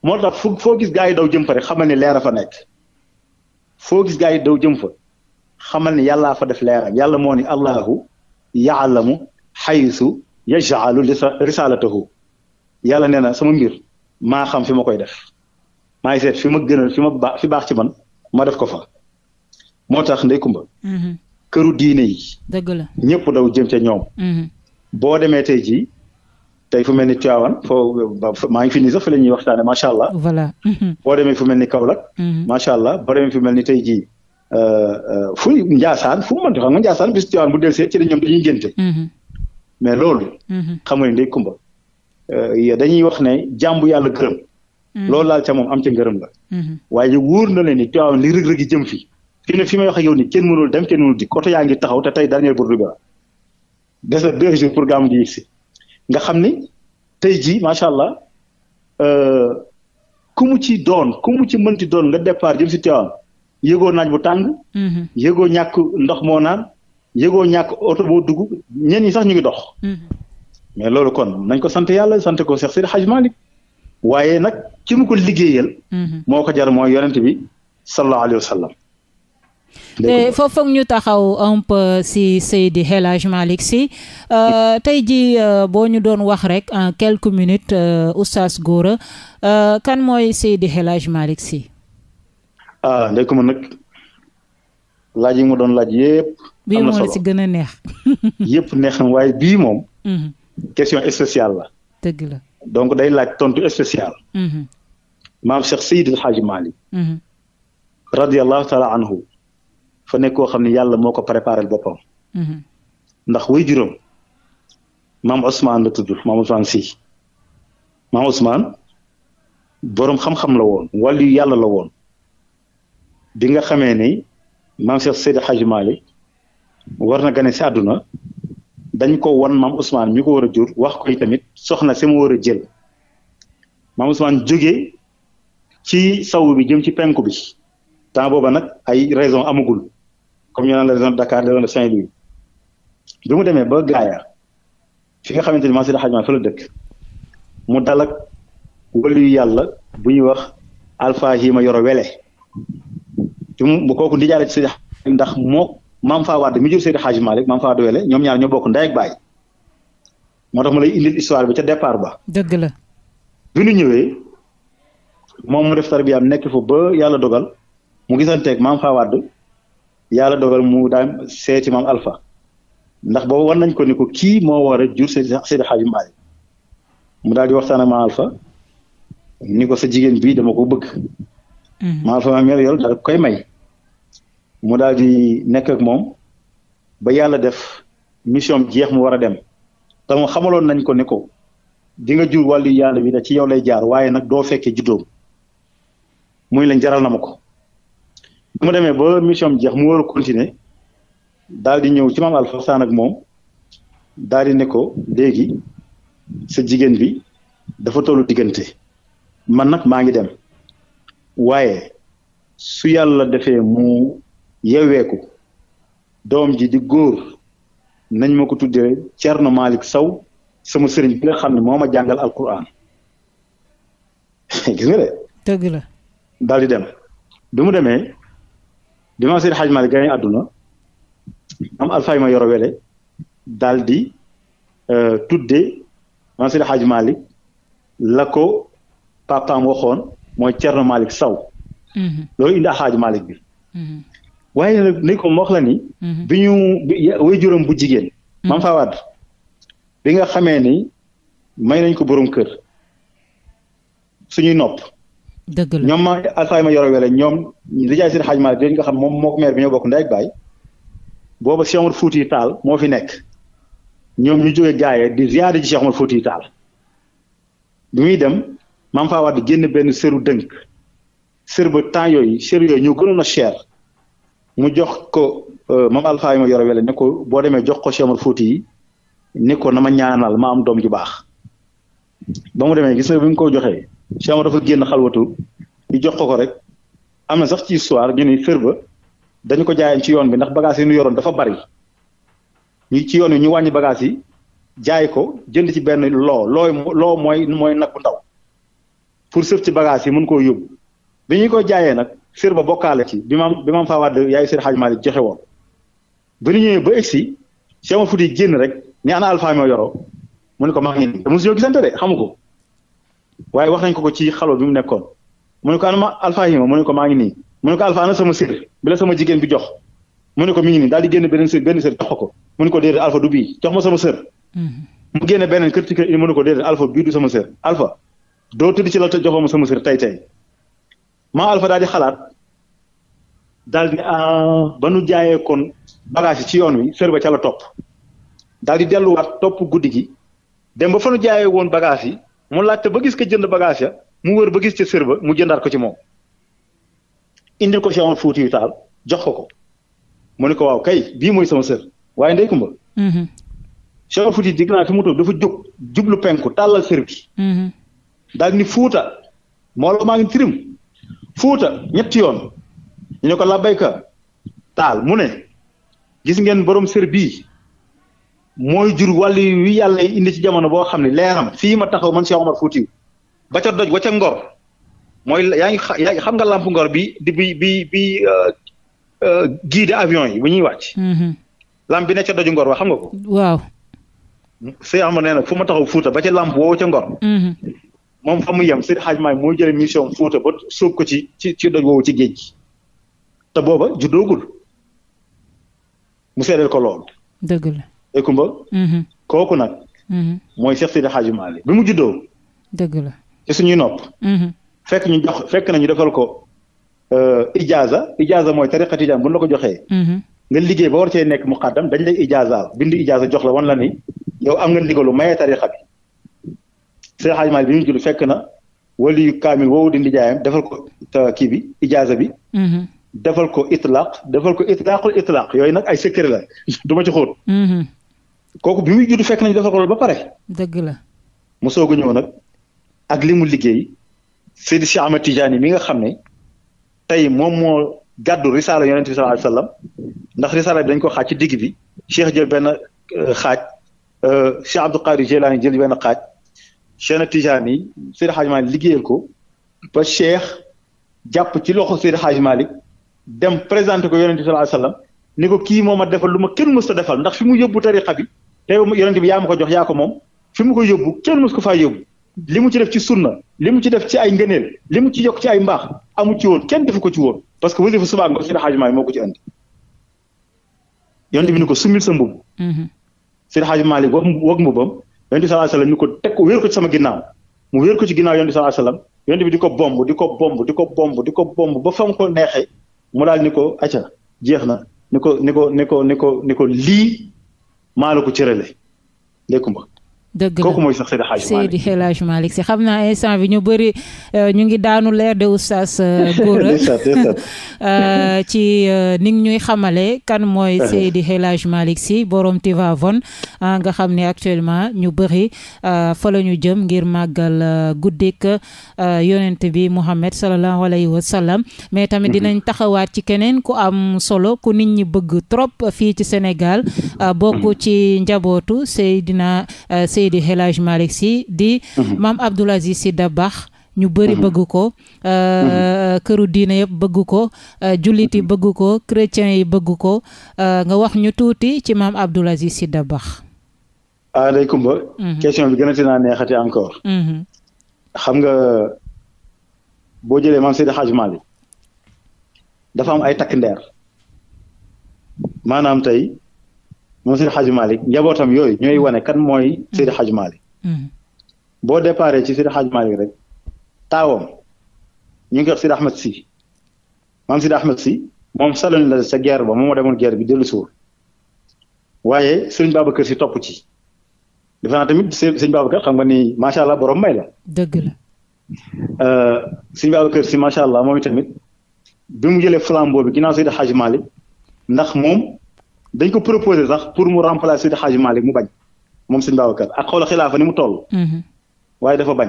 moo tax fu foo gis gaa yi daw jëm fa rek xamal ne leera fa nekk foo gis gaa yi daw jëm fa xamal ne yàllaa fa def leeram yàlla moo ni allahu yaalamu xaysu yajaalu risalatahu yàlla nee na sama ngir maa xam fi ma koy def maa ngi seet fi ma gënal fi ma baax fi baax ci man ma def ko fa moo tax ndey kumba mm-hmm. këru diine yi ñëpp daw jëm ca ñoom mm-hmm. boo demee tey jii tey fu mel ni Tivaouane foo maa ngi fi nii sax fa la ñuy waxtaanee macha allah. voilà. Mm-hmm. boo demee fu mel ni Kaolack. Mm-hmm. macha allah boo demee fu mel ni tey ji euh, euh, fu Ndiassane fu mu mënti xam nga Ndiassane bis Tivaouane bu dellusee la ñoom dañuy génte. Mm-hmm. mais loolu. xam nga ni day kumba. Euh, dañuy laal ca am ca ngërëm la. waaye wóor na leen ni Tivaouane li rëg-rëg yi jëm fi fi ne fi may wax a yow ni kenn mënul dem kenn mënul dikk oto yaa ngi taxaw te tey dernier bourdou bi des na deux jours pour di yegg si nga xam ni tey jii macha allah euh, ku mu ci doon ku mu ci mënti doon nga départ jëm si Tivaouane yëgoo naaj bu tàng. Mhm. yëgoo ñàkk ndox moo naan yëgoo ñàkk oto boo dugg ñenn ñi sax ñu ngi dox. Mhm. mais loolu kon nañ ko sant yàlla sant ko Seex Seydi Hajji Malick waaye nag ci mu ko liggéeyal. Mhm. moo ko jar mooy yonent bi sallallahu alayhi wa foofu foog ñu taxaw un peu si Seydi El Hadji Malick euh, tey ji euh, boo ñu doon wax rek en quelques minutes euh, Oustaz Gora kan mooy Seydi El Hadji Malick Sy ah ndey ma nag laaj yi doon laaj yëpp bii moom la si gën neex yëpp neex na waaye bii moom mhm. question spéciale la dëgg la donc day laaj tontu spécial mhm. maam Cheikh Seydi El Hadji Malick mhm. radiyallahu anhu dafa nekk koo xam ne yàlla moo ko préparé boppam. Mhm. ndax way juróom maam Ousmane la tudd maam Ousmane si maam Ousmane boroom xam-xam la woon wàllu yàlla la woon bi nga xamee ni maam Cheikh Seydi Hadji na gane si àdduna dañ ko wan maam Ousmane mi ko war a jur wax ko tamit soxna si mu war a jël maam Ousmane jóge ci saw bi jëm ci penku bi temps booba nag ay raison amagul comme ñu naan la région de Dakar la région Saint-Louis bi mu demee ba Gaaya fi nga xamante ni Maam Seydi Hadji Malick la dëkk mu dal ak yàlla bu ñuy wax Alpha Hima Yoro Wele te mu kooku ndijaale ci Seydi ndax moo maam Faa Wade mi jur Seydi ma Malick maam Faa Wade Wele ñoom ñaar ñoo bokk ndey ak baay moo tax ma lay indil histoire bi ca départ ba. dëgg la bi ñu ñëwee moom mu def tarbiyaam nekk foofu ba yàlla dogal mu gisanteeg maam Faa Wade yàlla dogal mu daal seeti maam Alpha ndax boobu war nañ ko ni ko moo war a jur Seydi Seydi Hadji mu daal di waxtaan ak maam Alpha ni ko sa jigéen bii dama ko bëgg. Mhm. maam Alpha maam yor yor daal koy may. mu daal di nekk moom ba yàlla def mission jeex mu war a dem te moom xamaloon nañ ko ni ko nga jur wàllu yàlla bi da ci yow lay jaar waaye nag doo fekkee juddoom muy leen jaral na ma ko. bu demee ba mission bi jeex mu war a continuer di ñëw ci maam Alpha Sane ak moom daal di ne ko léegi sa jigéen bi dafa tollu diggante man nag maa ngi dem waaye su yàlla defee mu yeweeku doom ji di góor nañ ma ko tuddee na Malick saw sama sëriñ bi nga xam ne moo ma jàngal alquran gis nga de. dëgg la daal di dem bi mu demee bi ma Seydi Hadj Malick gane àdduna am Alfayda Mayoro Wele daal di euh, tuddee ma Seydi Hadj Malick la ko waxoon mooy Thierno Malick Sow mhm. loolu indi Hadj Malick bi mhm. waaye nag ni ni mhm. bi ñu waajuram bu jigéen Mame Fawade bi nga xamee ni may nañ ko borom kër suñuy nopp dëgg la ñoom ma alxaayma yoro wele ñoom rijaay seen xaaj Maalik nga xam moom moo ko maire bi ñoo bokk ndey baay booba Cheikh Omar Fouti Taal moo fi nekk ñoom ñu jógee gaayee di ziyaare ci Cheikh Omar Taal bi muy dem maam faa waat génn benn sëru dënk sër ba temps yooyu sër yooyu ñoo gënoon a cher mu jox ko euh, moom alxaayma yoro wele ne ko boo demee jox ko Cheikh Omar Fouti yi ne na ma ñaanal ma am doom ju baax ba mu demee gis nga bi mu ko joxee Cheikh Omar dafa génn xalwatu ñu jox ko ko rek am na sax ci histoire ñu ni xër ba dañu ko jaayoon ci yoon bi ndax bagage yi nu yoroon dafa bari ñu ci yoon wi ñu wàññi bagage yi jaay ko jënd ci benn loo looy loo mooy mooy nag bu ndaw pour sëf ci bagage yi mën koo yóbbu bi ñu koy jaayee nag xër ba bokkaale ci bi maam bi maam faa wadd yaay Seydi Hadji Malick joxe woon bi ñu ñëwee ba egsi Cheikh Omar Fouti génn rek ni ana alpha moo mu ne ko maa ngi nii te mosu ñoo gisante xamu ko waaye wax nañ ko ko ci xaloo bi mu nekkoon mu ne ko anama ma mu ne ko maa ngi nii mu ne ko alpha sama sër bi sama jigéen bi jox mu ne ko mi ngi nii daal di génn beneen sër benn sër jox ko mu ko déedéet alpha du jox ma sama sër mu génne beneen kër ci ne ko déedéet alpha bii du sama sër alpha doo tëdd ci la te joxoo ma sama sër tey tey maa alpha daal di xalaat daal di ne ah, ba nu jaayee kon bagage ci yoon wi sër ba ca la topp daal di delluwaat topp guddi gi dem ba fa nu jaayee woon bagage yi mu laajte ba gis ko jënd bagage ya mu wër ba gis ca sër mu jëndaat ko ci moom indil ko Cheikh Omar Foutiyou Tall jox ko mu ne ko waaw kay bii mooy sama sër waaye ndey kumba mm-hmm. Cheikh Omar Foutiyou digg naa fi mu toog dafa jóg jublu penku tàllal sër bi mm-hmm. daal ni fuuta moo la maa tirim fuuta ñetti yoon ñu ko la bayka taal mu ne gis ngeen borom sër mooy jur wàllu wi yàlla indi ci jamono boo xam ne leeram fii ma taxaw man Cheikh Omar ba ca doj wa ca ngor mooy yaa ngi xam nga làmp ngor bi di bi bi bi euh, euh, guide avion yi bu ñuy wàcc. Mm-hmm. làmp bi ne ca doju ngor wa xam nga ko. waaw. Cheikh Omar nee ma taxaw Fouta ba ca làmp woowu ca ngor. Mm-hmm. moom fa mu yem Seydi Hadj Maay mooy jële mission Fouta ba sóob ko ci ci ci doj woowu ci géej te booba juddoogul mu seedeel ko loolu. dëgg Ekumba. Mhm. kooku nag. Mhm. mooy Cheikh Seydi Hadji Malick bi mu juddoo. dëgg la ci suñuy nopp. Mhm. fekk ñu jox fekk nañu defal ko euh, Ijaza Ijaza mooy tariqa tijaan bu ñu la ko joxee. nga liggéey ba war cee nekk muqaddam dañ lay Ijaza bind Ijaza jox la wan la ni yow am nga ndigalu maye tariqa bi Seydi Hadji bi mu judd fekk na waliyu kaamil woowu di ndijaayam defal ko kii bi Ijaza bi. defal ko itlaq defal ko itlaqul itlaq yooyu nag ay secret la du ci xóot. kooku bi muy judd fekk nañu defal ko loolu ba pare. dëgg la. mu soog a ñëw nag ak li mu liggéey Seydi Cheikh Ahmed Tidiane mi nga xam ne tey moom moo gàddu risaala yonent bi sallallahu alayhi wa sallam ndax risaala bi dañ ko xaaj ci digg bi Cheikh jël benn euh, xaaj euh, Cheikh Abdou Qadir Jilani jël benn xaaj Cheikh Tidiane Seydi Hadj Malick liggéeyal ko ba Cheikh jàpp ci loxo Seydi Hadj Malick dem présenté ko yonent bi sallallahu a wa sallam ni ko kii moom a defal lu ma kenn mës a defal ndax fi mu yóbbu tariqa bi. réew yonent bi yaa ko jox yaa ko fi mu ko yóbbu kenn mës ko faa li mu ci def ci sunna li mu ci def ci ay ngëneel li mu ci yokk ci ay mbaax amu ci woon kenn defu ko ci woon parce que wasifa subaa nga seen xaajumaay ko ci andi yonent bi ni ko sumil sa mbubb seen xaajumaay wag mbubbam yonent bi ni ko teg ko wéer ko ci sama ginnaaw mu wéer ko ci ginnaaw yonent bi sallallahu alayhi wasallam yonent bi di ko bomb di ko bomb di ko bomb di ko ko neexee mu daal ni ko acca jeex na ni ko ni ko ni maa la ko cërale ndey dëgg la kooku mooy sax Seydi El Hadji Malick xam naa instant bi ñu bari euh, ñu ngi daanu leer de oustaz euh, Gora euh, ci ni ñuy xamale kan mooy uh-huh. Seydi El Hadji Malick Sy borom Tivaouane ah, nga xam ni actuellement ñu bëri fa la ñu jëm ngir màggal guddik yonent bi Mouhamed sallallahu alayhi wa sallam mais tamit uh-huh. dinañ taxawaat ci keneen ku am solo ku nit ñi bëgg trop fii ci Sénégal bokk uh-huh. ci njabootu Seydina Seydi Sy di El Hadj Malick Sy di mhm. Mame Abdoul Aziz Sy Dabakh ñu bëri mhm. bëgg ko euh, mhm. këru diine yëpp bëgg ko euh, jullit yi bëgg ko chrétien yi bëgg ko euh, nga wax ñu tuuti ci Mame Abdoul Aziz Sy Dabakh ah day kumba question bi gën a tinaa encore xam nga boo jëlee maam Seydi Hadj Malick dafa am ay takk ndeer maanaam tey moom Seydi Hadji Malick njabootam yooyu ñooy mm. wane kan mooy mm. Seydi Hadji Malick mm. boo déparé ci Seydi Hadji Malick rek taawam ñu ngi koy wax Seydi Ahmed si maam Seydi Ahmed Sy moom saloon la sa guerre ba moom moo demoon guerre bi dellu suur waaye sëñ Babacar si topp ci defe tamit sëñ Babacar xam nga ni macha allah borom may la. dëgg la. Euh, sëñ Babacar Sy macha allah moom itamit bi mu jëlee ndax moom. dañ ko proposé sax pour mu remplacer Seydi Hadji Malick mu bañ moom sëñ Babacar ak xoolal xilaafa ni mu toll. Mhm. waaye dafa bañ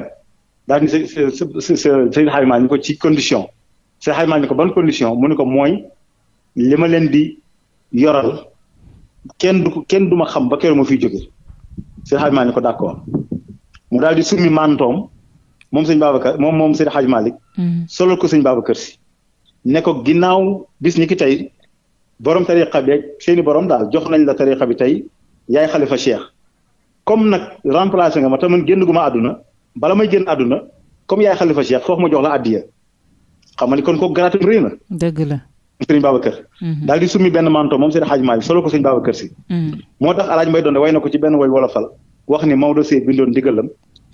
daal ni Seydi Hadji Malick ni ko ci condition Seydi Hadji Malick ko ban condition mu ko mooy li ma leen di yoral kenn du kenn du ma xam ba keroog ma fiy jóge Seydi Hadji ni ko d'accord mu daal di summi mantoom moom sëñ Babacar moom moom Seydi Hadji Malick. Mhm. solal ko sëñ Babacar si. ne ko ginnaaw bis ñi tey borom tariqa beeg seeni borom daal jox nañ la tariqa bi tey yaay a cheikh comme nag remplacé nga ma te man génn gu ma àdduna bala may génn àdduna comme yaay xalifa cheikh foofu ma jox la addiya xam nga ni kon kooku garaatam rëy na. dëgg la. sëriñ Babacar. Mhm. daal di summi benn manto moom seen xaaj maay solo ko sëriñ Babacar si. Mhm. moo tax alaaj mbay doon way na ko ci benn woy wolofal wax ni Maodo Seye bindoon ndigalam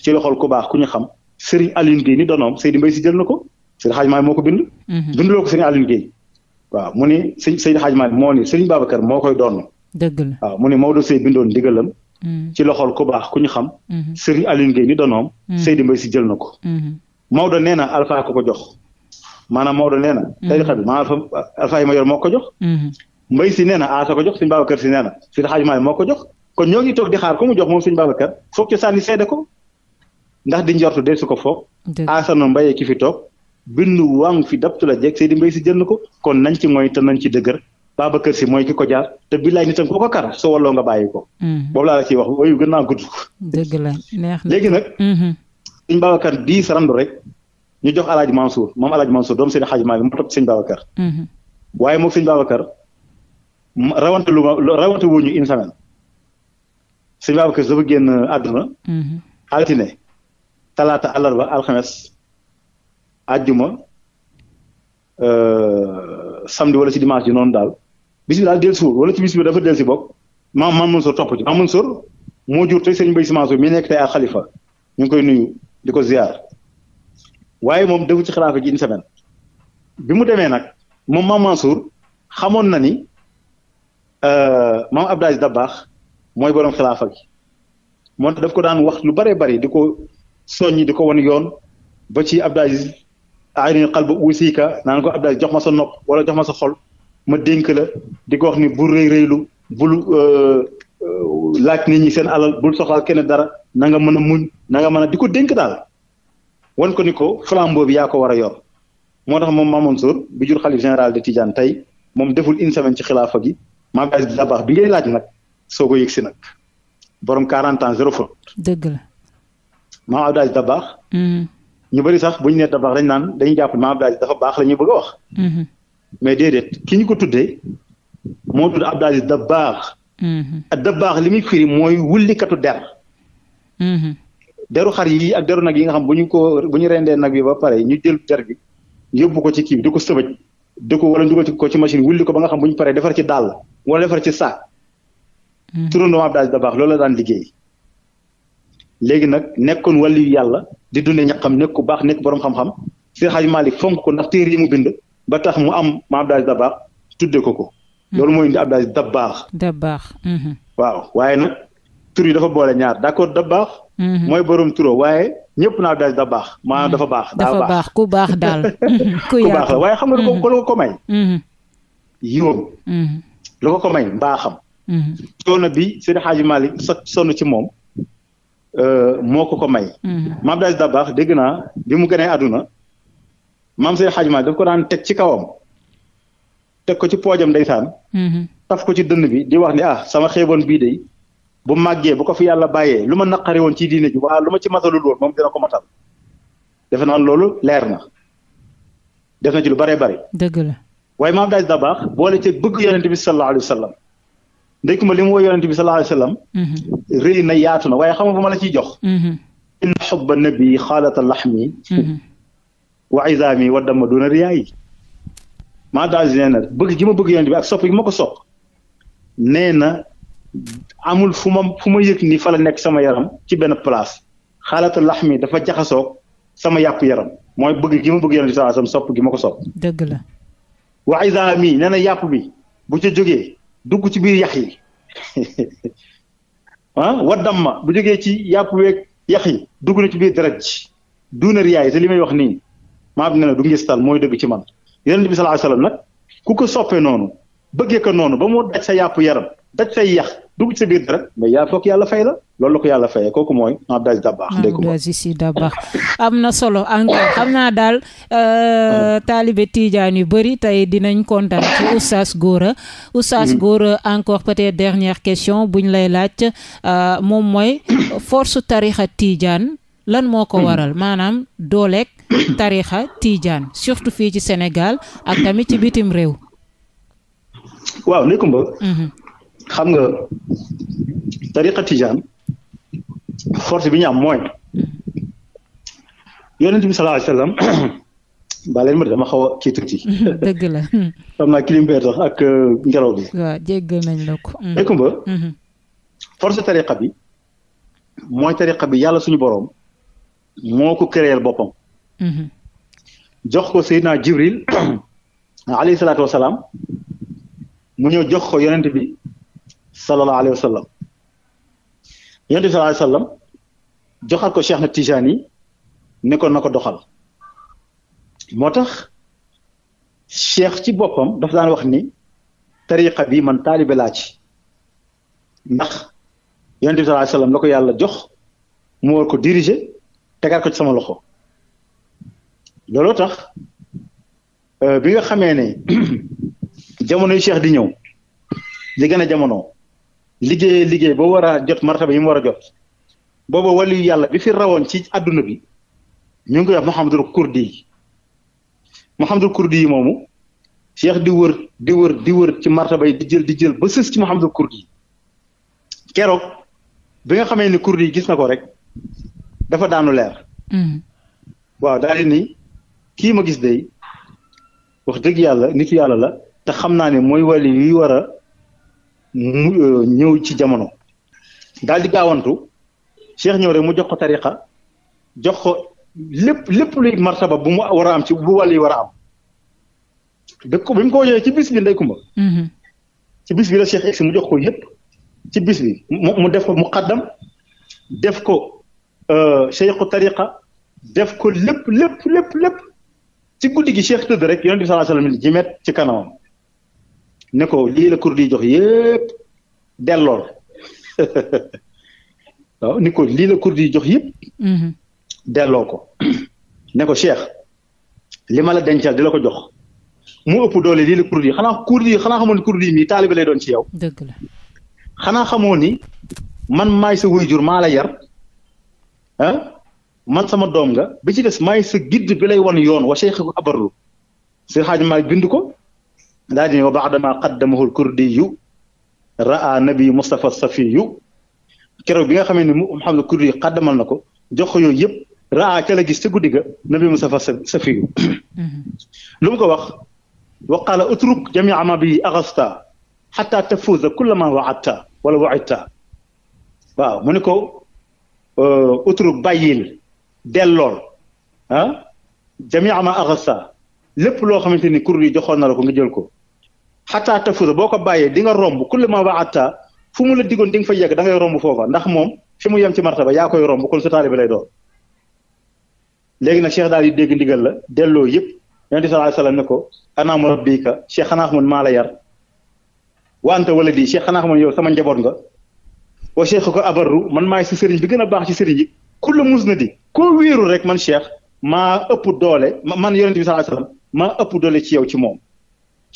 ci loxol ku baax ku ñu xam sëriñ Alioune Guèye ko seen xaaj maay moo waaw mu ni sëñ sëñ Xaaj Maalik moo ni sëriñ Babacar moo koy doon. dëgg la waaw mu ni Maodo Seye bindoon ndigalam. Mm. ci loxol ku baax ku ñu xam. Mm-hmm. sëriñ Alioune Guèye ni donoom. Mm. Seydi Mbaye si jël na ko. Mm-hmm. Maodo nee na alpha ko ko jox maanaam Maodo nee na. Mm-hmm. tarixa bi maanaam alpha yi ma yor moo ko jox. Mbaye si nee na aasa ko jox sëñ Babacar si nee na sëñ Xaaj Maalik moo ko jox. kon ñoo ngi toog di xaar ku mu jox moom sëñ Babacar foog ci sànni seede ko ndax di njortu dee su ko foog. dëgg aasa Mbaye ki bind waangu fi daptu la jeeg Seydi Mbaye Sy jël ko kon nañ ci mooy te nañ ci dëgër Babacar Sy mooy ki ko jaar te billaay nitam ko ko kara soo walloo nga bàyyi ko. Mm-hmm. boobu laa la ciy wax ooyu gën naa gudd. dëgg la neex na léegi nag. Mm-hmm. sëñ Babacar diis randu rek ñu jox Alaaji Mansour moom Alaaji Mansour doomu seen i xajmaali moo topp sëñ Babacar. Mm-hmm. waaye moog sëñ Babacar rawante lu ma rawante wuñu une semaine sëñ Babacar dafa génn àdduna. altine talaata àllarba alxames. àjjuma euh, samedi wala ci dimanche ji noonu daal bis bi daal del si wala ci bis dafa del si bokk maam maam Mansour topp ci maam Mansour moo jur tey sëñ Mbaye Sy Mansour mi nekk tey ak xalifa ñu ngi koy nuyu di ko ziar waaye moom defu ci xilaafa ji une semaine bi mu demee nag moom maam Mansour xamoon na ni euh, maam Abdou da baax mooy borom xilaafa gi moom def ko daan wax lu bëree bëri di ko soññi di ko wan yoon ba ci Abdou arini xal jox ma sa nopp wala jox ma sa xol ma dénk la di ko wax ni bul rëy rëylu bul euh, euh, laaj nit ñi seen alal bul soxlaal kenn dara na mën a muñ na nga mën a di ko dénk daal wan ko ko flambeau bi yaa ko war a yor moo tax moom Mamoune Sour bi jur xalif général de Tidiane tey moom deful une semaine ci xilaafa gi Maam Baye Aziz bi ngay laaj nag soo ko si nag borom 40 ans zéro faute. dëgg la Maam Abdoulaye Dabakh. Mm-hmm. ñu bari sax bu ñu nee tabax dañ naan dañuy jàpp maam Abdou Aziz dafa baax la ñu bëgg a wax. Mm-hmm. mais déedéet ki ñu ko tuddee moom tudd Abdou Aziz da baax. Mm-hmm. da baax li muy firi mooy wullikatu der. Mm-hmm. deru xar yi ak deru nag yi nga xam bu ñu ko bu ñu rendee nag bi ba pare ñu jël der bi yóbbu ko ci kii bi di ko sëbëj di ko wala dugal ko ci machine wulli ko ba nga xam bu ñu paree defar ci dàll wala defar ci saak. turandoo Abdou Aziz da baax loolu la daan liggéey. léegi nag nekkoon wàllu yàlla di dundee ñaqam nekk ku baax nekk borom xam-xam Seydi Hadji Malick fonk ko ndax téere yi mu bind ba tax mu am ma Abdou da baax tuddee ko ko. Hmm. loolu mooy indi Abdou Aziz Dabakh. Dabakh. Hmm. waaw waaye nag tur yi dafa boole ñaar d'accord Dabakh. Hmm. mooy borom turo waaye ñëpp naa Abdou Aziz Dabakh maanaam dafa baax. dafa baax ku baax daal ku baax la waaye xam nga lu ko ko may. yoon. lu ko ko may mbaaxam. coono bi Seydi Hadji Malick sonn ci moom. Euh, moo ko ko may. Mm-hmm. Maam Abdoul Aziz dégg naa bi mu gënee àdduna maam Seydi xaj ma daf ko daan teg ci kawam teg ko ci poojam ndeysaan. Mm-hmm. taf ko ci dënn bi di wax ni ah sama xeeboon bii de bu màggee bu ko fi yàlla bàyyee lu ma naqari woon ci diine ji waa lu ma ci matalul woon ko matal defe naa loolu leer na def na ci lu bëree bëri. dëgg la waaye Maam Abdoul Aziz Dabakh boole ci bëgg yonent bi sallallahu alayhi wa ndey kumba li mu woy yonent bi sallallahu mm-hmm. na yaatu na waaye xam nga ma la ci jox mm-hmm. inna xubba nabi xaalata laxmi mm-hmm. wa isaami wa dama duna riyaayi maa daal di bëgg gi ma bëgg yonent ak sopp gi ma ko sopp nee ma ma yëg ni fa nekk sama yaram ci benn place xaalata laxmi dafa jaxasoog sama yàpp yaram mooy bëgg gi ma bëgg yonent bi gi ma ko sopp dëgg la wa isaami yàpp bi bu ca jógee dugg ci biir yax yi ah waddamma bu jógee ci yàpp weeg yax yi dugg na ci biir deret ji duuna riyaay te li may wax nii maa bi ne du ngistal mooy dëgg ci man yonent bi sallallahu alayhi wasallam nag ku ko soppee noonu bëggee ko noonu ba moo daj sa yàpp yaram daj say yàq dugg sa biir dara mais yaa foog yàlla fay la loolu la ko yàlla fayee kooku mooy Abdoulaye am na solo encore xam naa daal euh, ah. taalibe tiijaan yu bëri tey dinañ kontaan ci Oustaz Gora. Oustaz mm-hmm. Gora encore peut-être dernière question buñ lay laaj euh, moom mooy force tarixa Tidiane lan moo ko mm-hmm. waral maanaam dooleek tarixa tiijaan surtout fii ci Sénégal ak tamit ci bitim réew. xam nga tariqa tijaan force bi ñu am mooy mm-hmm. yonent bi sallallahu alayhi wasallam baale ma dama xaw a kii tuuti. dëgg la. xam naa kilim beer sax ak euh, ngelaw bi. waaw jéggal nañ la ko. Kumba. Mm-hmm. Mm-hmm. tariqa bi mooy tariqa bi yàlla suñu boroom moo ko créer boppam. jox ko Seydina Jibril alayhi salaatu wa salaam mu ñëw jox ko yonent bi sallallahu alayhi wa sallam yonent bi sallallahu alayhi wa ko Cheikh na Tijaan yi ne na ko doxal moo tax Cheikh ci boppam daf daan wax ni tariqa bi man taalibe laa ci ndax yonent bi sallallahu alayhi la ko yàlla jox mu war ko diriger tegaat ko ci sama loxo looloo tax euh, bi nga xamee ne jamono yu di ñëw li gën jamono liggéeyee liggéey boo war a jot martaba yi mu war a jot booba waliyu yàlla bi fi rawoon ci àdduna bi ñu ngi koy wax Muhammadul Kurdi yi Muhammadul Kurdi yi moomu Cheikh di wër di wër di wër ci martaba yi di jël di jël ba sës ci Muhammadul Kurdi yi keroog bi nga xamee ni Kurdi yi gis na ko rek dafa daanu leer. Mm. waaw daal di ni kii ma gis day wax dëgg yàlla nitu yàlla la te xam naa ne mooy wali yuy war mu euh, ñëw ci jamono daal di gaawantu cheikh ñëw rek mu jox ko tariqa jox ko lépp lépp luy martaba bu mu war a am ci bu wàll yi war am ko bi mu ko wajee ci bis bi ndey kumba mm-hmm. ci bis bi la cheikh egsi mu jox ko yépp ci bis mu def ko muqaddam def ko euh, cheikhu tariqa def ko lépp lépp lépp lépp ci guddi gi cheikh tëdd rek yonent bi sallallahu alayhi wasallam jimet ci kanamam ni ko lii la cour di jox yëpp dellool ni ko lii la cour di jox yépp mhm. delloo ko nekko ko Cheikh li ma la dencal di la ko jox mu ëpp doole lii la cour di xanaa cour di xanaa xamoon cour di lay doon ci yaw dëgg la xanaa xamoo man maay sa waajur maa la yar ah man sama doom nga bi ci des maay sa gidd bi lay wan yoon wa Cheikh abarlu si xaaj bind ko. daa dine wa baadama qaddamahu kurdiyu raa nabi Moustapha safiyu keroog bi nga xamee ne Mouhamadou kurdi yu xaddamal na ko jox ko yooyu yëpp raa ca la gis ca guddi ga nabi Moustapha safiyu mm-hmm. lu mu ko wax wa qaala utruk jamia ma bi agasta xata tafuuza kulla ma waadta wala waidta waaw mu ne ko euh, utruk bàyyil dellool ah jamia ma agasta lépp loo xamante ni kur yi joxoon na la ko nga jël ko xataa tafusa boo ko bàyyee di nga romb kulli ma waata fu mu la diggoon di nga fa yegg da romb foofa ndax moom fi mu yem ci martaba yaa koy romb kon sa taalibe lay doon léegi nag cheikh daal di dégg ndigal la delloo yëpp yonent sallallahu alayhi wasallam ne ko anaamu rabbika cheikh xanaa xamoon maa la yar wante wala di cheikh xanaa xamoon yow sama njaboot nga wa cheikh ko abarru man maay si sëriñ bi gën a baax ci sëriñ yi ku la mus na di koo wéeru rek man cheikh maa ëpp doole man yonent bi maa ëpp doole ci yow ci moom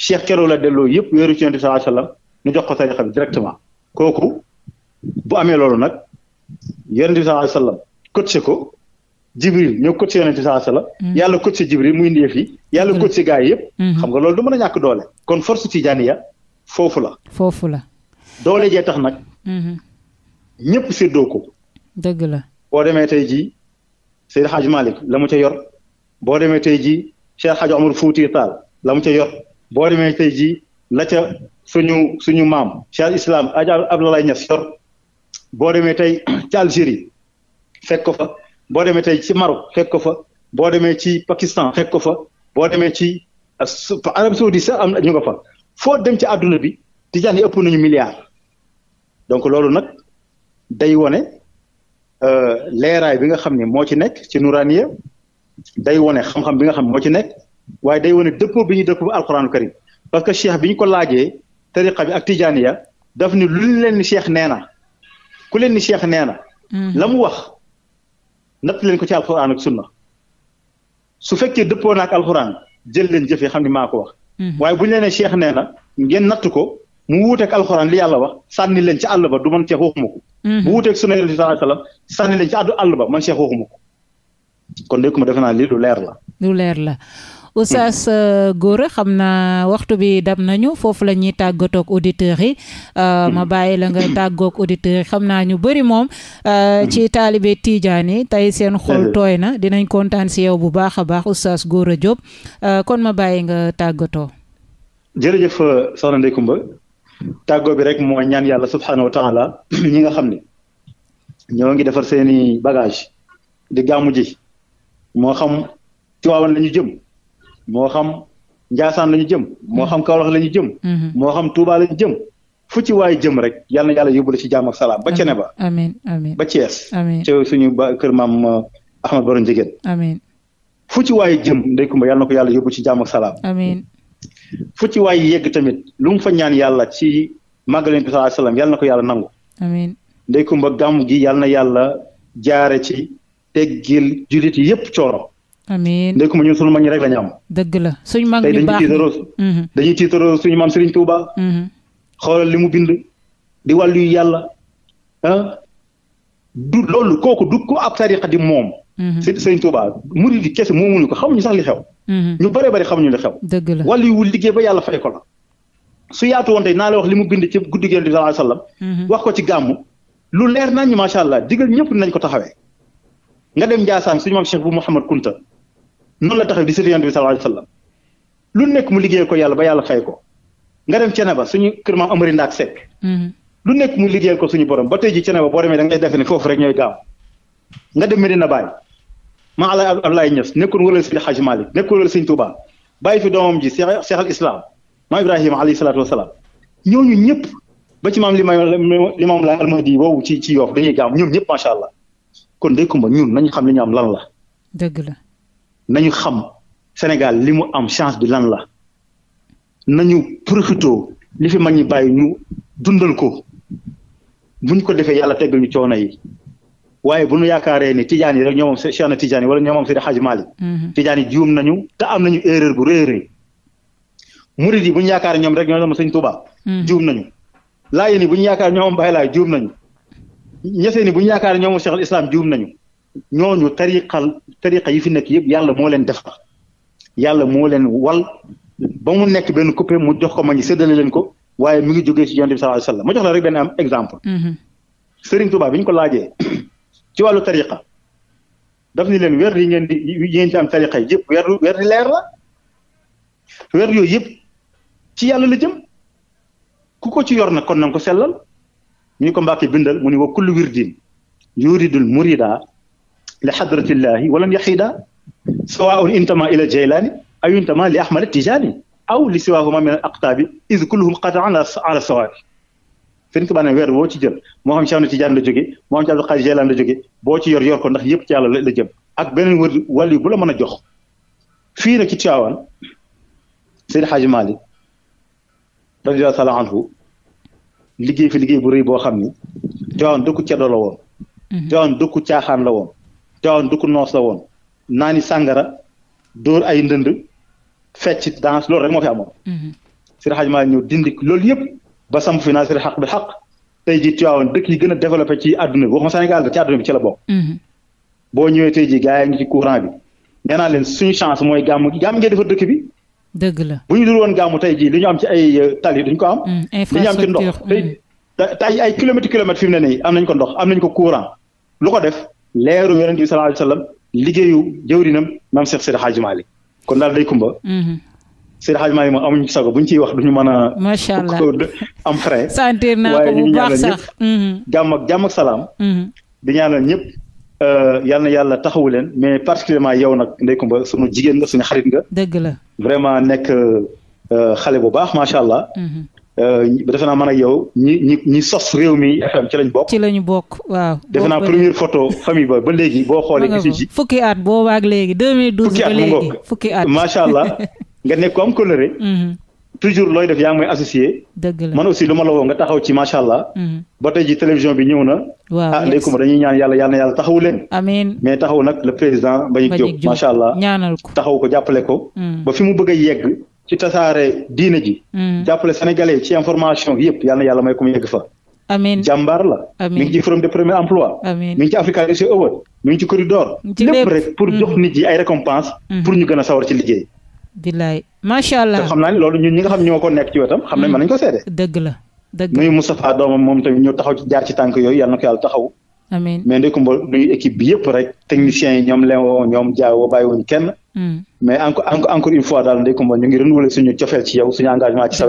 cheikh keroo la delloo yëpp wéeru ci yonent sallallahu alayhi wasallam ñu jox ko tarixa bi directement kooku bu amee loolu nag yonent bi sallallahu alayhi wasallam coaché ko jibril ñoo coaché yonent bi sallallahu alayhi wasallam mm. yàlla coaché jibril muy ndeef yi yàlla mm. coaché gars yi yëpp mm-hmm. xam nga loolu du mën a ñàkk doole kon force tijaaniya foofu la foofu la doole jee tax nag mm-hmm. ñëpp séddoo ko dëgg la boo demee tey jii Seydi Hadj Malick la mu ca yor boo demee tey jii Cheikh Hadj Omar Fouti Tall la mu ca yor boo demee tey jii la ca suñu suñu maam Cheikh Islam Hadj Abdoulaye Niass yor boo demee tey ci Algérie fekk ko fa boo demee tey ci Maroc fekk ko fa boo demee ci Pakistan fekk ko fa boo demee ci Arabie Saoudite sax am ñu nga fa foo dem ci àdduna bi tijaan yi ëpp nañu milliard donc loolu nag day wone euh, leeraay bi nga xam ne moo ci nekk ci nuraaniya day wane xam-xam bi nga xam moo ci nekk waaye day wane dëppoo bi ñu ñuy dëppoo alxuraanu karim parce que cheikh bi ñu ko laajee tariqa bi ak ya daf ni lu leen ni cheikh nee na ku leen ni cheikh nee na. Mm-hmm. la mu wax natt leen ko ci alxuraan sunna su fekkee dëppoo na ak alxuraan jël leen jëfee xam ni maa ko wax. Mm-hmm. waaye bu ñu leen nee cheikh na ngeen natt ko mu wuuteeg alxuraan li yàlla wax sànni leen ci àll ba du man cheikh waxuma ko. bu mm-hmm. wuuteeg sunna yàlla sallallahu alayhi wasallam leen ci àddu àll ba man kon léegi ma lii lu leer la. lu leer la Oustaz euh, Gora xam naa waxtu bi dab nañu foofu la ñuy tàggatoog auditeurs yi. Euh, ma hmm. bàyyi la nga tàggoog auditeurs yi xam naa ñu bëri moom. Euh, hmm. ci taalibe tiijaan yi tey seen xol eh. tooy na dinañ kontaan si yow bu baax a baax góor a Diop kon ma bàyyi nga tàggatoo. jërëjëf soxna Ndeye Comba tàggoo bi rek moo ñaan yàlla subhaanahu wa ñi nga xam ne ñoo ngi defar seeni bagage di gàmmu moo xam Tiwaawan la ñu jëm moo xam Njaasaan la ñu jëm moo mm-hmm. xam Kaolack la ñu jëm mm-hmm. moo xam Touba la ñu jëm fu ci waay jëm rek yal na yàlla yóbbu la ci jàmm ak salaam ba cene ba amiin amiin ba Thiès ca suñu ba kër maam uh, Ahmad Borom Jigéen amiin fu ci waay jëm ndey Kumba yal na yegg tamit lu mu fa ñaan yàlla ci màggaleen bi sallallahu alayhi na ko yàlla nangu amiin ndey Kumba gi yal yàlla jaare ci teggil jullit yépp coono. amiin nekkuma ñun suñu mag ñi rek la ñu am. dëgg la suñu mag ñu baax tey mhm. dañuy tiitaroo dañuy maam Serigne Touba. Mhm. xoolal li mu bind di wàllu yàlla ah, du loolu kooku du ko ab tariqa di moom. Mhm. Serigne Touba murid yi kese moomuñu ko xamuñu sax li xew. ñu bëree bëri xamuñu li xew. dëgg la wàllu wu liggéey ba yàlla fay ko la. su yaatu woon tey naa la wax li mu bind ci guddi Yonent bi sallallahu alayhi wasallam. wax ko ci gàmmu lu leer nañ ñu macha allah digal ñëpp ko taxawee. nga dem Ndiassane suñu maam Cheikh bu Mouhamad Kunta noonu la taxaw di sëriñ Yonent bi sallallahu alayhi lu nekk mu liggéeyal ko yàlla ba yàlla fay ko nga dem Ceneba suñu kër maam Amari Ndaak Seck mm-hmm. lu nekk mu liggéeyal ko suñu borom ba tey ji Ceneba boo demee da ngay defe ne foofu rek ñooy gaaw nga dem Medina Baye maa ala Abdoulaye Niass nekkoon wala Seydi Hadji Malick nekkoon wala Sëriñ Tuubaa bàyyi fi doomam ji Cheikh Cheikh al Islam maam Ibrahima alayhi salaatu wasalaam ñooñu ñëpp ba ci maam li may li maam la almahdi boobu ci ci yoof dañuy gaaw ñoom kon day kumba ñun nañu xam li ñu am lan la. dëgg la nañu xam Sénégal li mu am chance bi lan la nañu profito li fi mag ñi bàyyi ñu dundal ko buñ ko defee yàlla teggal ñu coono yi waaye bu ñu yaakaaree ni tijaan yi rek ñoo moom Cheikh na tijaan yi wala ñoo moom Seydi Hadji Malick. Mm-hmm. juum nañu te am nañu erreur bu rëy a bu ñu yaakaaree ñoom rek ñoo moom Sëñ Tuubaa. Mm-hmm. juum nañu laayeen yi bu ñu yaakaaree ñoom Baay Laay juum nañu. ñesee ni bu ñu yaakaar ñoomu Cheikhul Islam juum nañu ñooñu tariqal tariqa yi fi nekk yëpp yàlla moo leen defar yàlla moo leen wal ba mu nekk benn coupé mu jox ko ma ñu séddale leen ko waaye mu ngi jógee ci yonent bi sallallahu alayhi wasallam ma jox la rek benn am exemple. Mm-hmm. Serigne Touba bi ko laajee ci wàllu tariqa daf ni leen weer yi ngeen di yi ngeen ci am tariqa yi yëpp weer weer di leer la weer yooyu yëpp ci yàlla la jëm ku ko ci yor nag kon na ko sellal. ñu ko Mbàkke bindal mu ne wa kullu wirdin yuridul murida li xadratillahi walam yaxida sawaun intama ila jaylaani aw intama li ahmad tijaani aw li siwaahuma min al aqtaabi iz kulluhum qataan ala sawaabi sëñ Tuubaa ne weer woo ci jël moo xam Cheikh Tijaan la jóge moo xam ci Jaylaan la jóge boo ci yor yor ko ndax yëpp ci yàlla jëm ak beneen wër wàll bu la mën a jox fii nag ci Tiwaawan Seydi Xaaji Maalik radiyallaahu taala anhu liggéey fi liggéey bu rëy boo xam ni Tiwaawan dëkku ceddo la woon mhm. Tiwaawan dëkku caaxaan la woon Tiwaawan dëkku noos la woon naani sàngara dóor ay ndënd fecc dans loolu rek moo fi amoon mhm. Seydi Hadji Malick ñëw dindi loolu yëpp ba sam fi naa Seydi xaq bi xaq tey ji Tiwaawan dëkk yi gën a développé ci àdduna bi waxuma Sénégal da ci àdduna bi ci la bokk mhm. boo ñëwee tey ji gars a ngi ci courant bi nee leen suñu chance mooy gàmm gi gàmm defar dëkk bi dëgg la bu ñu dul woon gàmmu tey jii li ñu am ci ay euh, tali duñ ko am. Mm, li ñu am ci ndox tey mm. ay kilomètres kilomètres fi mu ne nii am nañ ko ndox am nañ ko courant lu ko def leeru yonent bi sallallahu alayhi wa sallam liggéeyu jëwrinam maam Cheikh Seydi Hadji Malick kon daal day kumba. Mm-hmm. Seydi Hadji Malick moom amuñu sago buñ ciy wax duñu mën a. allah am naa ko bu baax sax waaye ñu ngi ñaanal ñëpp. jàmm ak Euh, yal na yàlla taxawu leen mais particulièrement yow nag Ndeye Comba suñu jigéen nga suñu xarit nga. dëgg la vraiment nekk euh, xale bu baax macha allah. Mhm. Euh, defe naa man ak yow ñi ñi ñi sos réew mi FM ci lañ bokk. ci lañ bokk waaw. defe naa première photo famille ba ba léegi boo xoolee. gis ci fukki at boobaag léegi 2012. ba léegi fukki at macha allah nga nekk ko am coloré. toujours looy def yaa ngi may associé. la man aussi lu ma la nga taxaw ci macha allah. Mm-hmm. ba tey ji télévision bi ñëw na. waaw ah léegi dañuy ñaan yàlla yàlla taxawu leen. mais taxaw nag le président. Mbagnick Diop macha allah ñaanal ko taxaw ko jàppale ko. Mm. ba fi mu bëgg a yegg ci tasaare diine ji. Mm. jàppale sénégalais ci information yëpp yal yàlla may ko yegg fa. amiin la. amiin mi ngi ci forum de premier emploi. mi ci Africa Research Award mi ci corridor. lépp rek pour jox mm. nit billaay macha allah xam naa ne loolu ñun ñi nga xam ñoo ko nekk ci wetam xam nañ ma hmm. nañu ko seede. dëgg la dëgg la nuyu doomam moom tamit ñu taxaw ci jaar ci tànk yooyu yàlla na ko yàlla taxaw. amiin mais ndey Kumba nuyu équipe yëpp rek techniciens yi ñoom Léon ñoom Diaw bàyyiwuñ kenn. Hmm. mais encore encore une fois daal ndey Kumba ñu ngi renouveler suñu cofeel ci yow suñu engagement ci sa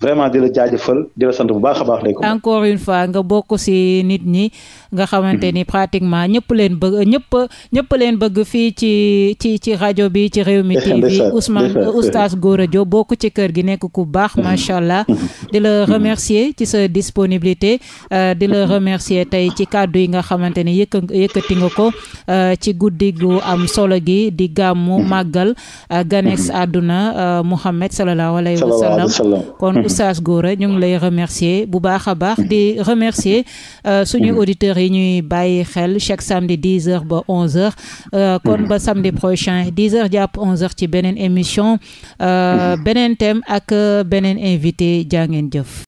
vraiment di la jaajëfal di la sant bu baax a baax. encore une fois nga bokk ci nit ñi nga xamante ni mhm. pratiquement ñëpp leen bëgg ñëpp ñëpp leen bëgg fii ci ci ci rajo bi ci Rewmi TV Ousmane Oustaz Gora Diop bokk ci kër gi nekk ku baax mhm. macha allah. Mhm. di la remercier ci sa disponibilité euh, di la remercier tey ci kàddu yi nga xamante ni yëkkati nga ko euh, ci guddi gu am solo gi di gàmmu màggal euh, ganex àdduna Muhammad sallallahu alayhi wa sallam kon Oustaz Gora ñu ngi lay remercier bu baax a baax di remercier euh, suñu mm-hmm. auditeurs yi ñuy bàyyi xel chaque samedi 10 heures ba 11 heures euh, kon mm-hmm. ba samedi prochain 10 heures jàpp 11 heures ci beneen émission euh, mm-hmm. beneen thème ak beneen invité jaa ngeen jëf